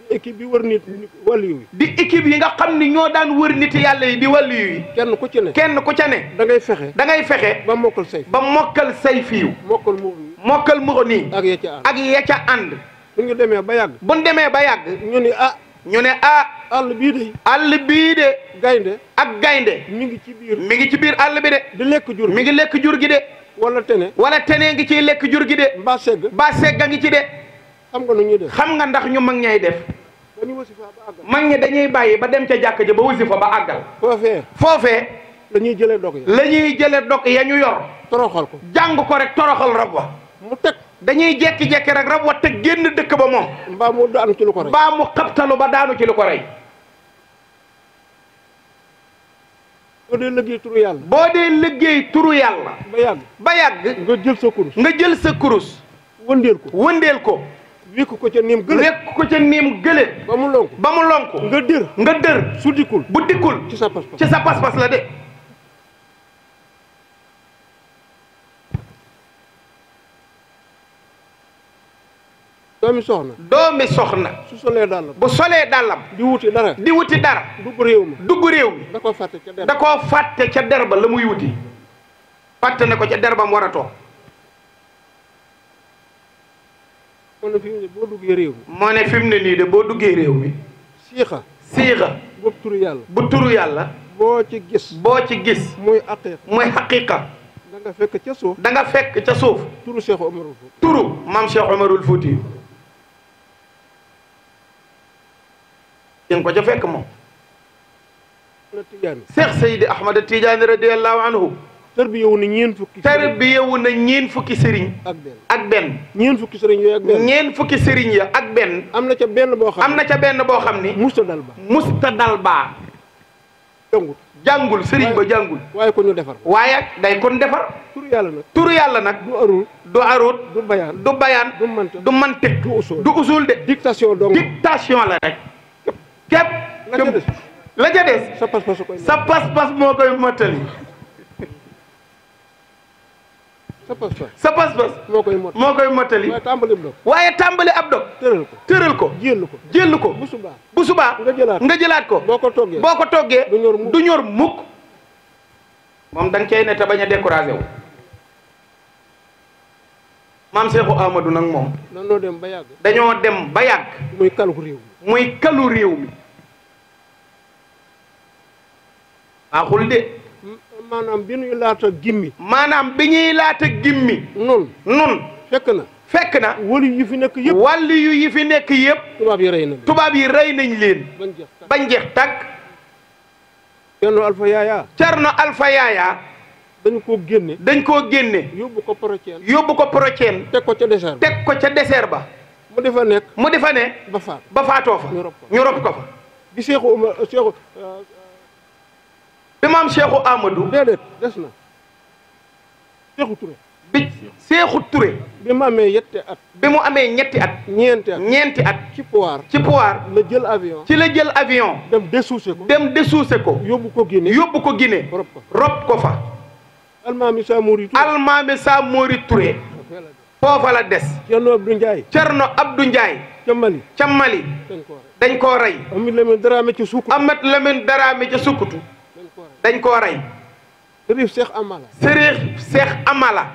S1: di équipe bi wër nit wàllu yi di équipe yi nga xam ni ñoo daan wër nit yàlla yi di wàllu yi kenn ku ci ne kenn ku ca ne da ngay fexe da ngay fexe ba mokkal say ba mokkal say fiiw mokkal mokkal muro nii. ak ya ca ak ya ca ànd. bu ñu demee ba yàgg. bu ñu demee ba yàgg. ñu ne ah. ñu ne ah. àll bii de. àll bii de. gaynde ak gaynde. mi ngi ci biir mi ngi ci biir àll bi de. di lekk jur mi ngi lekk jur gi de. wala tene. wala tene ngi ciy lekk jur gi de. mbaa segg ba segg ngi ci de. xam nga nu ñuy def xam nga ndax ñu mag ñay def. mag ñi dañuy bàyyi ba dem ca jàkk ja ba wasifa ba àggal. foofee foofee. la ñuy jëlee dog ya la ñuy jëlee dog ya ñu yor. toroxal ko jàng ko rek toroxal rab wa mu teg dañuy jekki-jekki rek rab wa génn dëkk ba moom mbaa mu daanu ci lu ko rey mbaa mu xabtalu ba daanu ci lu ko rey boo dee liggéey turu yàlla boo dee liggéey turu yàlla ba yàgg ba yàgg nga jël sa kurus nga jël sa kurus wëndeel ko wëndeel ko wékk ko ca niim gële wékk ko ca niim gële ba mu lonku ba mu lonku nga dër nga dër su dikkul bu dikkul ci sa pas-pas ci sa pas-pas la de doomi soxna. doomi soxna. su solee dàllam. bu solee dàllam. di wuti dara. di wuti dara. dugg réew mi dugg réew mi. da koo fàtte ca der da koo fàtte ca der ba la muy wuti. fàtte na ko ca der ba mu war a toog.
S5: moo ne fi ne boo duggee
S1: réew mi. fi mu ne nii de boo duggee réew mi. siixa. siixa. bu turu yàlla. bu turu yàlla. boo ci gis. boo ci gis. muy aqiiqa. muy haqiiqa. da fekk ca suuf. da nga fekk ca suuf. turu Cheikh Omarul Fouti. turu maam Cheikh Omarul Fouti. di nga ko ca fekk moom Cheikh Seydi Ahmad Tidiane radiyallahu anhu tarbiyewu ñeen fukki sëriñ ak ak benn ñeen fukki sëriñ ya fukki sëriñ ak benn am na ca benn am na ca benn boo xam ni mustadal ba mustadal ba jàngul jàngul sëriñ ba jàngul waaye ko ñu defar waaye day kon defar turu yàlla nag turu nag du arul du arut du bayaan du bayaan du mantik du usul du usul de dictation dong dictation la rek képp la ca des sa pas-pas moo koy mottali sa pas-pas moo koy mottali waaye tàmbali ab dog tëral ko jël ko bu subaa nga jëlaat ko boo ko toggee du ñor mukk moom da nga cay ne te bañ a découragé wu maam Seexu amadu nag moom dañoo dem ba yàgg muy kalu réew mi baaxul de. maanaam bi ñuy laata gimmi. maanaam bi ñuy laata gimmi. nun nun fekk na. fekk na wali yu fi nekk yëpp wàllu yu yi fi nekk yëpp. tubaab yi rey nañ tubaab yi rey nañ leen. bañ jeex tàkk bañ jeex tàkk. Cerno car Yaaya. Cerno Alpha Yaaya. dañ ko génne. dañ koo génne.
S5: yóbbu ko Prochène.
S1: yóbbu ko Prochène. teg ko ca désert ba teg ko ca désert ba. mu defa nekk. mu defa ne. ba faatoo fa. ñu rob ko fa ñu rob ko fa. bi Seexu Seexu. bi maam Cheikhou Amadou. déedéet des na Cheikhou Touré. bi Cheikhou Touré. bi mu amee yetti at. bi mu amee ñetti at. ñeenti at ci pouvoir ci pouvoir. la jël avion. ci la jël avion. dem desuuse ko. dem ko. yóbbu ko Guinée yóbbu ko Guinée. rob ko fa. almaami Samori Touré almaami Samori foofa la des. Cerno Abdou Ndiaye. Cerno Abdou Ndiaye. ca Mali ca Mali. dañ koo rey. Ahmed Lamine Dramé ca Sukutu. Ahmed dañ koo rey. Sërif Cheikh Amala. Sërif Cheikh Amala.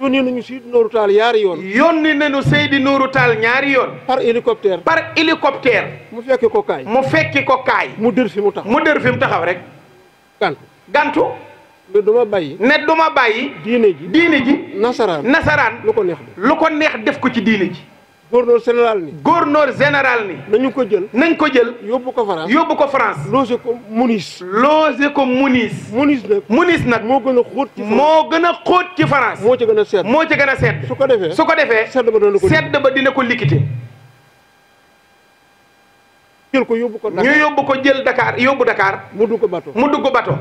S1: yónni nañu Seydi Nourou Tall yaar yoon. yoon yónni nañu Seydi Nourou Tall ñaari yoon. par hélicoptère. par hélicoptère. mu fekki ko kaay. mu fekki ko kaay. mu dër fi mu tax mu dër fi mu taxaw rek. gantu gantu. ne du bàyyi. ne du ma bàyyi. diine ji diine ji. nasaraan nasaraan. lu ko neex lu ko neex def ko ci diine ji. gouverneur général ni gouverneur général ni nañu ko jël nañ ko jël yóbbu ko France yóbbu ko France loger ko Munis loger ko Munis Munis nag Munis nag moo gën a xóot ci moo gën a xóot ci France moo ci gën a sedd moo ci gën a sedd su ko defee su ko defee sedd ba dina ko sedd ba dina ko liquité ko yóbbu ko ñu yóbbu ko jël dakaar yóbbu dakaar mu dugg bato mu dugg bato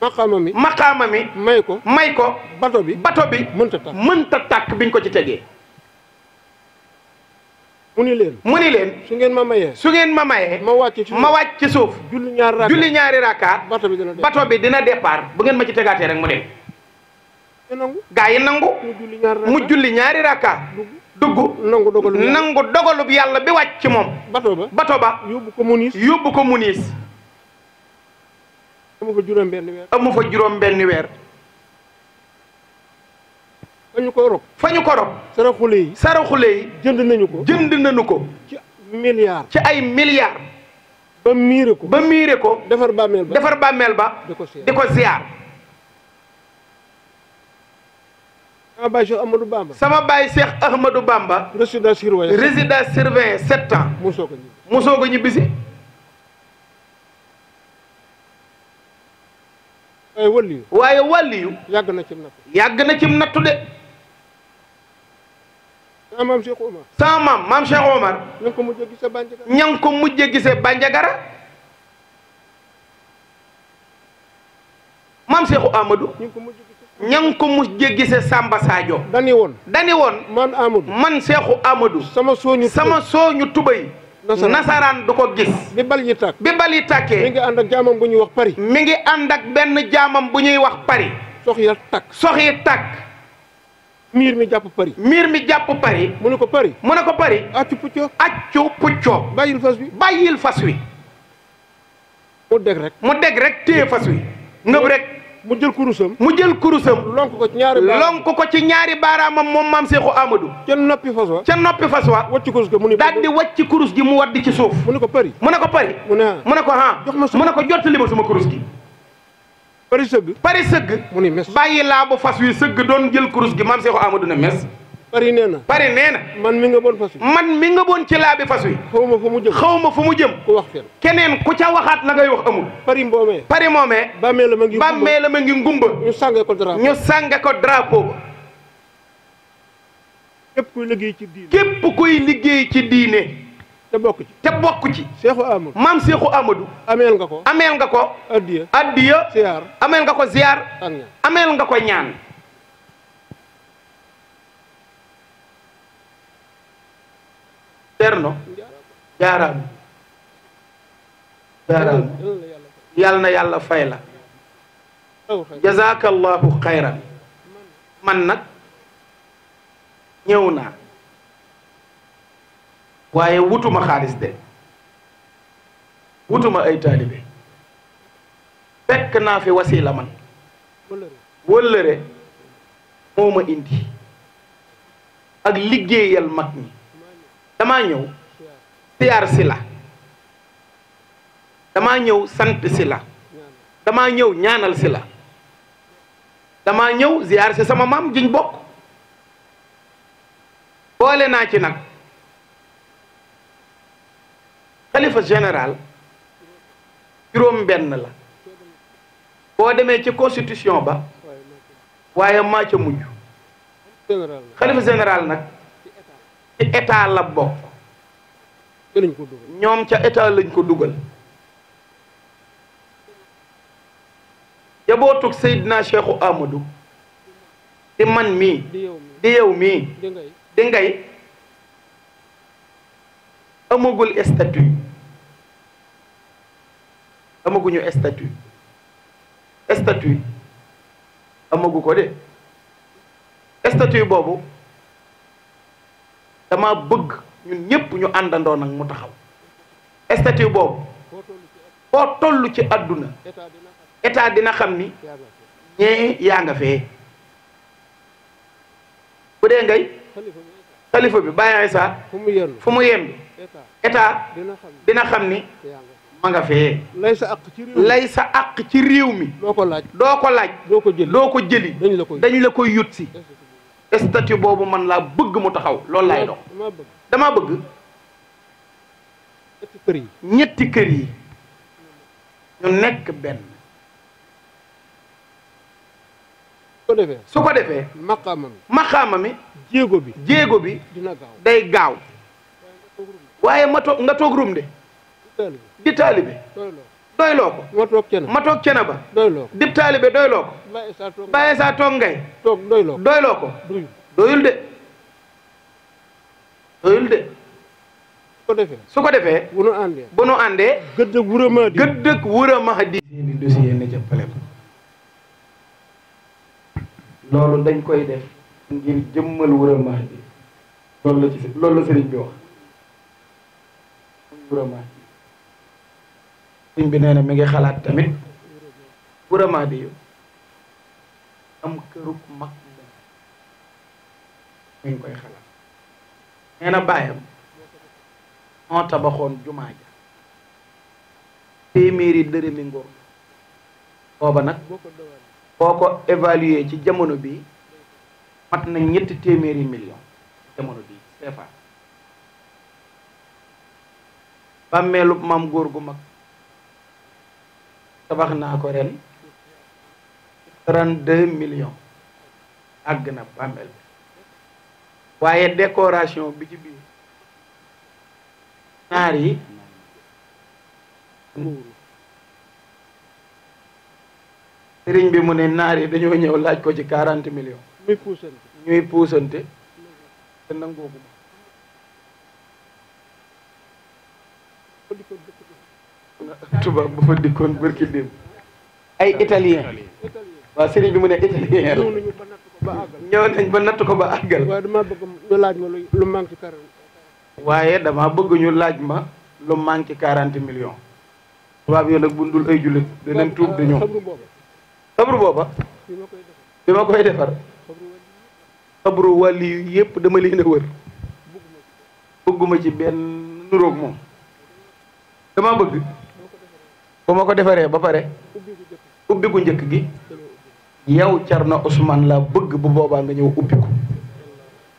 S1: maqaama mi maqaama mi may ko may ko bato bi bato bi mënta tàkk mënta tàkk biñ ko ci tegee mu ni leen mu ni leen su ngeen ma mayee su ngeen ma mayee ma wàcc ci ma wàcc ci suuf julli ñaari rakka julli ñaari rakka bato bi dina départ bu ngeen ma ci tegaatee rek mu dem
S7: gaa yi nangu mu julli
S1: ñaari rakka dugg nangu dogalub nangu dogalub yàlla bi wàcc ci moom bato ba bato ba yóbbu ko muniis yóbbu ko muniis ko fa juróom benn weer amu fa juróom benn weer fa ñu ko rob fa ñu ko rob saraxule yi saraxule yi jënd nañu ko jënd nañu ko ci milliards ci ay milliards ba miire ko ba miire ko defar bàmmeel ba defar bàmmeel ba di ko ziyaar sama baay Cheikh Ahmadou Bamba sama baay Cheikh Ahmadou Bamba résidence surveillée résidence surveillée sept musoo ko ñibbisi musoo ko ñibbisi waaye wàlliyu waaye wàlliyu yàgg na cim nattu yàgg na cim nattu de
S5: sans ah, maam Cheikh Omar. sans maam maam Cheikh Omar.
S1: ko mujjee gisee Bandiagara. ña nga ko mujjee gisee maam Cheikh Amadou. ña ko mujjee gisee. sàmba nga ko mujjee woon dani woon. man Amadou man seexu amadu sama sooñu sama sooñu tubay. nasaraan du ko gis. bi bal yi tàkk bi bal yi tàkkee. mi ngi ànd ak jaamam bu ñuy wax Paris. mi ngi ànd ak benn jaamam bu ñuy wax pari sox ya tàkk sox yi tàkk. miir mi jàpp Paris. miir mi jàpp Paris. mu ne ko pari mu ne ko Paris. accu puccoo. accu puccoo. bàyyil fas wi. bàyyil fas wi. mu deg rek. mu deg rek téye fas wi. ngëb rek. mu jël kurusam. mu jël kurusam. lonk ko ci ñaari baaraam ko ci ñaari baaraamam moom maam Seexu Amadou. ca noppi fas wa. ca noppi fas wa. wàcc kurus gi mu ne. daal di kurus gi mu wadd ci suuf. mu ne ko Paris. mu ne ko Paris. mu ne ah mu ne ko ah. jox ma su mu ne ko jottali ma sama kurus gi. bari sëgg bari sëgg mu ni mes bàyyi laa fas wi sëgg doon jël kurus gi maam Seexu Amadu ne mes bari nee na bari man mi nga bon fas wi man mi nga bon ci laa fas wi xaw ma fu mu jëm xaw ma fu mu jëm ku wax fen keneen ku ca waxaat la ngay wax amul pari mboomee pari moomee bàmmee la ma ngi bàmmee la ma ngumba ñu sànge ko drapeau ñu sànge ko drapeau ba képp kuy liggéey ci diine képp kuy liggéey ci diine te bokk ci te bokk ci. seexu Amadou maam seexu Amadou. ameel nga ko ameel nga ko. addiya addiya. ziar ameel nga ko ziar. ameel nga ko ñaan. Cerno jaaraam jaaraam yal na yàlla fay la jazakallahu xayran man nag ñëw naa waaye wutuma xaalis de wutuma ay taalibe fekk naa fi wasiila man wëllëre moo ma indi ak liggéeyal mag ñi damaa ñëw siyaar si la damaa ñëw sant si la damaa ñëw ñaanal si la damaa ñëw ziyaar si sama maam jiñ bokk boole naa ci nag xalifa général juróom benn la boo demee ci constitution ba waaye maa ca mujj xalifa général nag ci état la bokk ñoom ca état lañ ko dugal jabootug Seydina Cheikhu Amadou di man mii di yow mii di ngay amagul statut amaguñu statut statut amagu ko de statu boobu dama bëgg ñun ñëpp ñu àndandoon nag mu taxaw statut boobu foo toll ci àdduna état dina xam ni ñee yaa nga fee bu dee ngay xalifa bi bàyyi saa fu mu yem bi état dina xam ni ma nga fee. lay sa àq ci réew mi lay sa ci réew mi. doo ko laaj doo ko laaj. doo ko jëli doo ko jëli. dañ la koy dañ la koy yut si. statut boobu man laa bëgg mu taxaw loolu laay dox. damaa bëgg ñetti kër yi. ñetti kër yi ñu nekk benn. su ko defee su mi maqaama mi. jéego bi jéego bi. dina gaaw day gaaw. waaye ma toog nga toog rum de. di taalibe doyloo ko ma toog cene ma toog cene ba di taalibe doyloo ko bàyyi saa toog ngay toog doyloo ko doyloo de doyul de su ko defee su ko defee bu nu àndee bu nu gëddëg wurama di loolu dañ koy def ngir jëmmal wural mahdi loolu la loolu la sëriñ bi wax wural sëriñ bi mi ngi xalaat tamit vraiment di am kërug mag mi ngi koy xalaat nee bàyyam moo tabaxoon jumaa ja téeméeri dërëmi ngor booba nag boo ko évaluer ci jamono bi mat na ñetti téeméeri million jamono bi CFA bàmmeelub maam góor gu mag tabax naa ko ren trente deux millions àgg na bàmmeel waaye décoration bi ci naar yi sëriñ bi mu ne naar yi dañoo ñëw laaj ko ci quarante millions ñuy puusante te tubaab bu dikkoon barki démb ay italien waaw sëriñ bi mu ne italien ñëw nañ ba natt ko ba àggal waaye dama bëgg ñu laaj ma lu manque quarante waaye dama bëgg ñu laaj ma lu manque quarante millions tubaab yooyu nag bu dul ay jullit danañ tuub de ñoom xabru booba bi ma koy defar xabru wàlli yu yépp dama leen a wër bëgguma ci benn nuroog moom dama bëgg bu ma ko defaree ba pare ubbiku njëkk gi yow Thierno Ousmane la bëgg bu boobaa nga ñëw ubbiku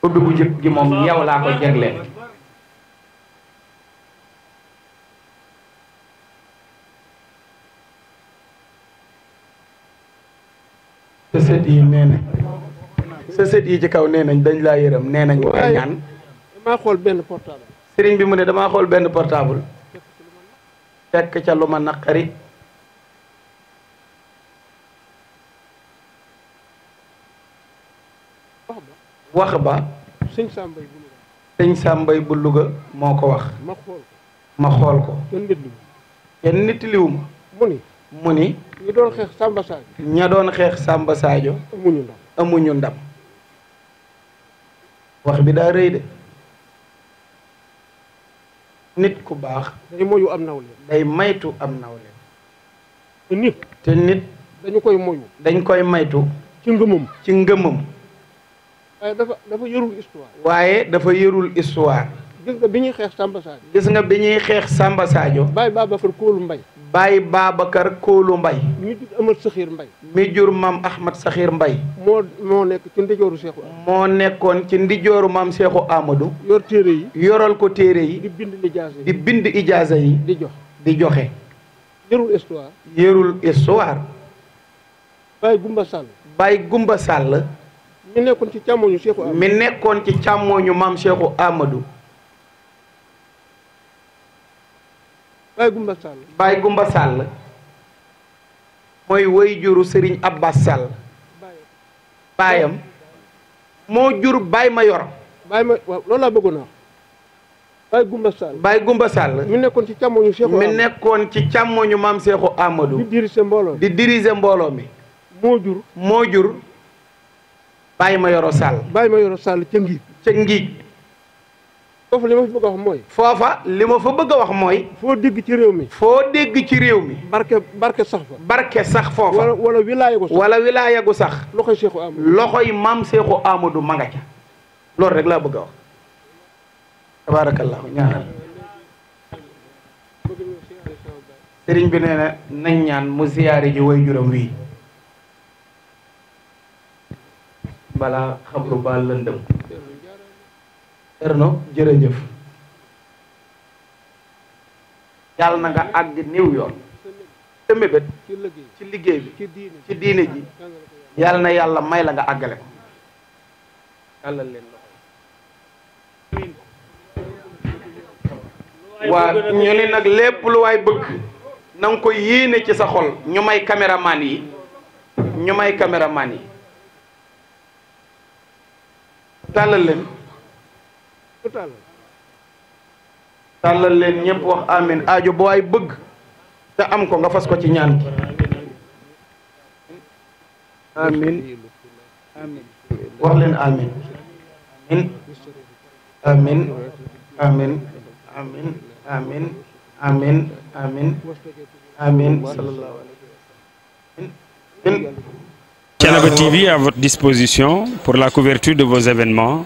S1: ubbiku njëkk gi moom yow laa ko jagleel sa yi nee nañ sa yi ci kaw nee nañ dañ laa yërëm nee nañ waaye ñaan damaa xool benn portable sëriñ bi mu ne damaa xool benn portable fekk ca lu ma naqari wax ba sëñ sàmbay bu Louga sàmbay bu Louga moo ko wax ma xool ma xool ko kenn nittaliwu ma mu ni mu ni
S5: xeex Samba Sadio
S1: ña doon xeex Samba Sadio amuñu ndam amuñu ndam wax bi daa rëy de nit ku baax. day moyu am nawle. day maytu am nawle. te nit. te nit. dañu koy moyu. dañ koy maytu. ci ngëmam ci ngëmam.
S5: waaye dafa dafa yërul histoire.
S1: waaye dafa yërul histoire.
S5: gis nga bi
S7: ñuy xeex Samba Sadio.
S1: gis nga bi ñuy xeex Samba Sadio. Baye Babacar Koulou Mbaye. bàyyi Babacar Kóolu Mbay mi jur Ahmad Saxiir Mbay mi jur maam Ahmad Saxiir Mbay moo moo nekk ci ndijooru Seexu moo nekkoon ci ndijooru maam Seexu Amadou yor téere yi yoral ko téere yi
S5: di bind ijaasa yi
S1: di bind ijaasa yi di jox di joxe yërul histoire yërul histoire Baye Gumba Sall Baye Gumba Sall
S5: mi nekkoon ci càmmoñu Seexu mi
S1: nekkoon ci càmmoñu maam Seexu Amadou Baye Gumba Sall. Baye Gumba Sall mooy woy juru Serigne Abbas Sall. baayam moo jur Baye Mayor. Baye ma waaw loolu laa bëggoon a wax. Baye Gumba Sall. Baye nekkoon ci càmmoñu Cheikh mi nekkoon ci càmmoñu maam Cheikh Amadou. di diriger mbooloo di diriger mbooloo mi. moo jur moo jur. Baye Mayoro Sall. Baye Mayoro Sall ca Ngig. ca Ngig. foofa li mooy. foofa li ma fa bëgg wax mooy. foo dégg ci réew mi. foo dégg ci réew mi. barke barke sax fa. wala wala sax wala wilaaya gu sax. loxoy Seexu Amadou loxoy loolu rek laa bëgg wax. tabaarakallaahu ñaanal. sëriñ bi nee nañ ñaan mu ziyaare ji way juram wii. balaa xabru ba lëndëm. jërëjëf yàlla na nga àgg niw yoon sa ci liggéey bi ci diine ji yàlla na yàlla may la nga àggale ko waa ñu ni nag lépp lu waay bëgg nang nga ko yéene ci sa xol ñu may caméraman yi ñu may caméraman yi tàllal leen tàllal leen ñëpp wax amin aajo bu bëgg te am ko nga fas ko ci ñaan gi amin wax leen amin amin amin amin
S4: TV à votre disposition pour la couverture de vos événements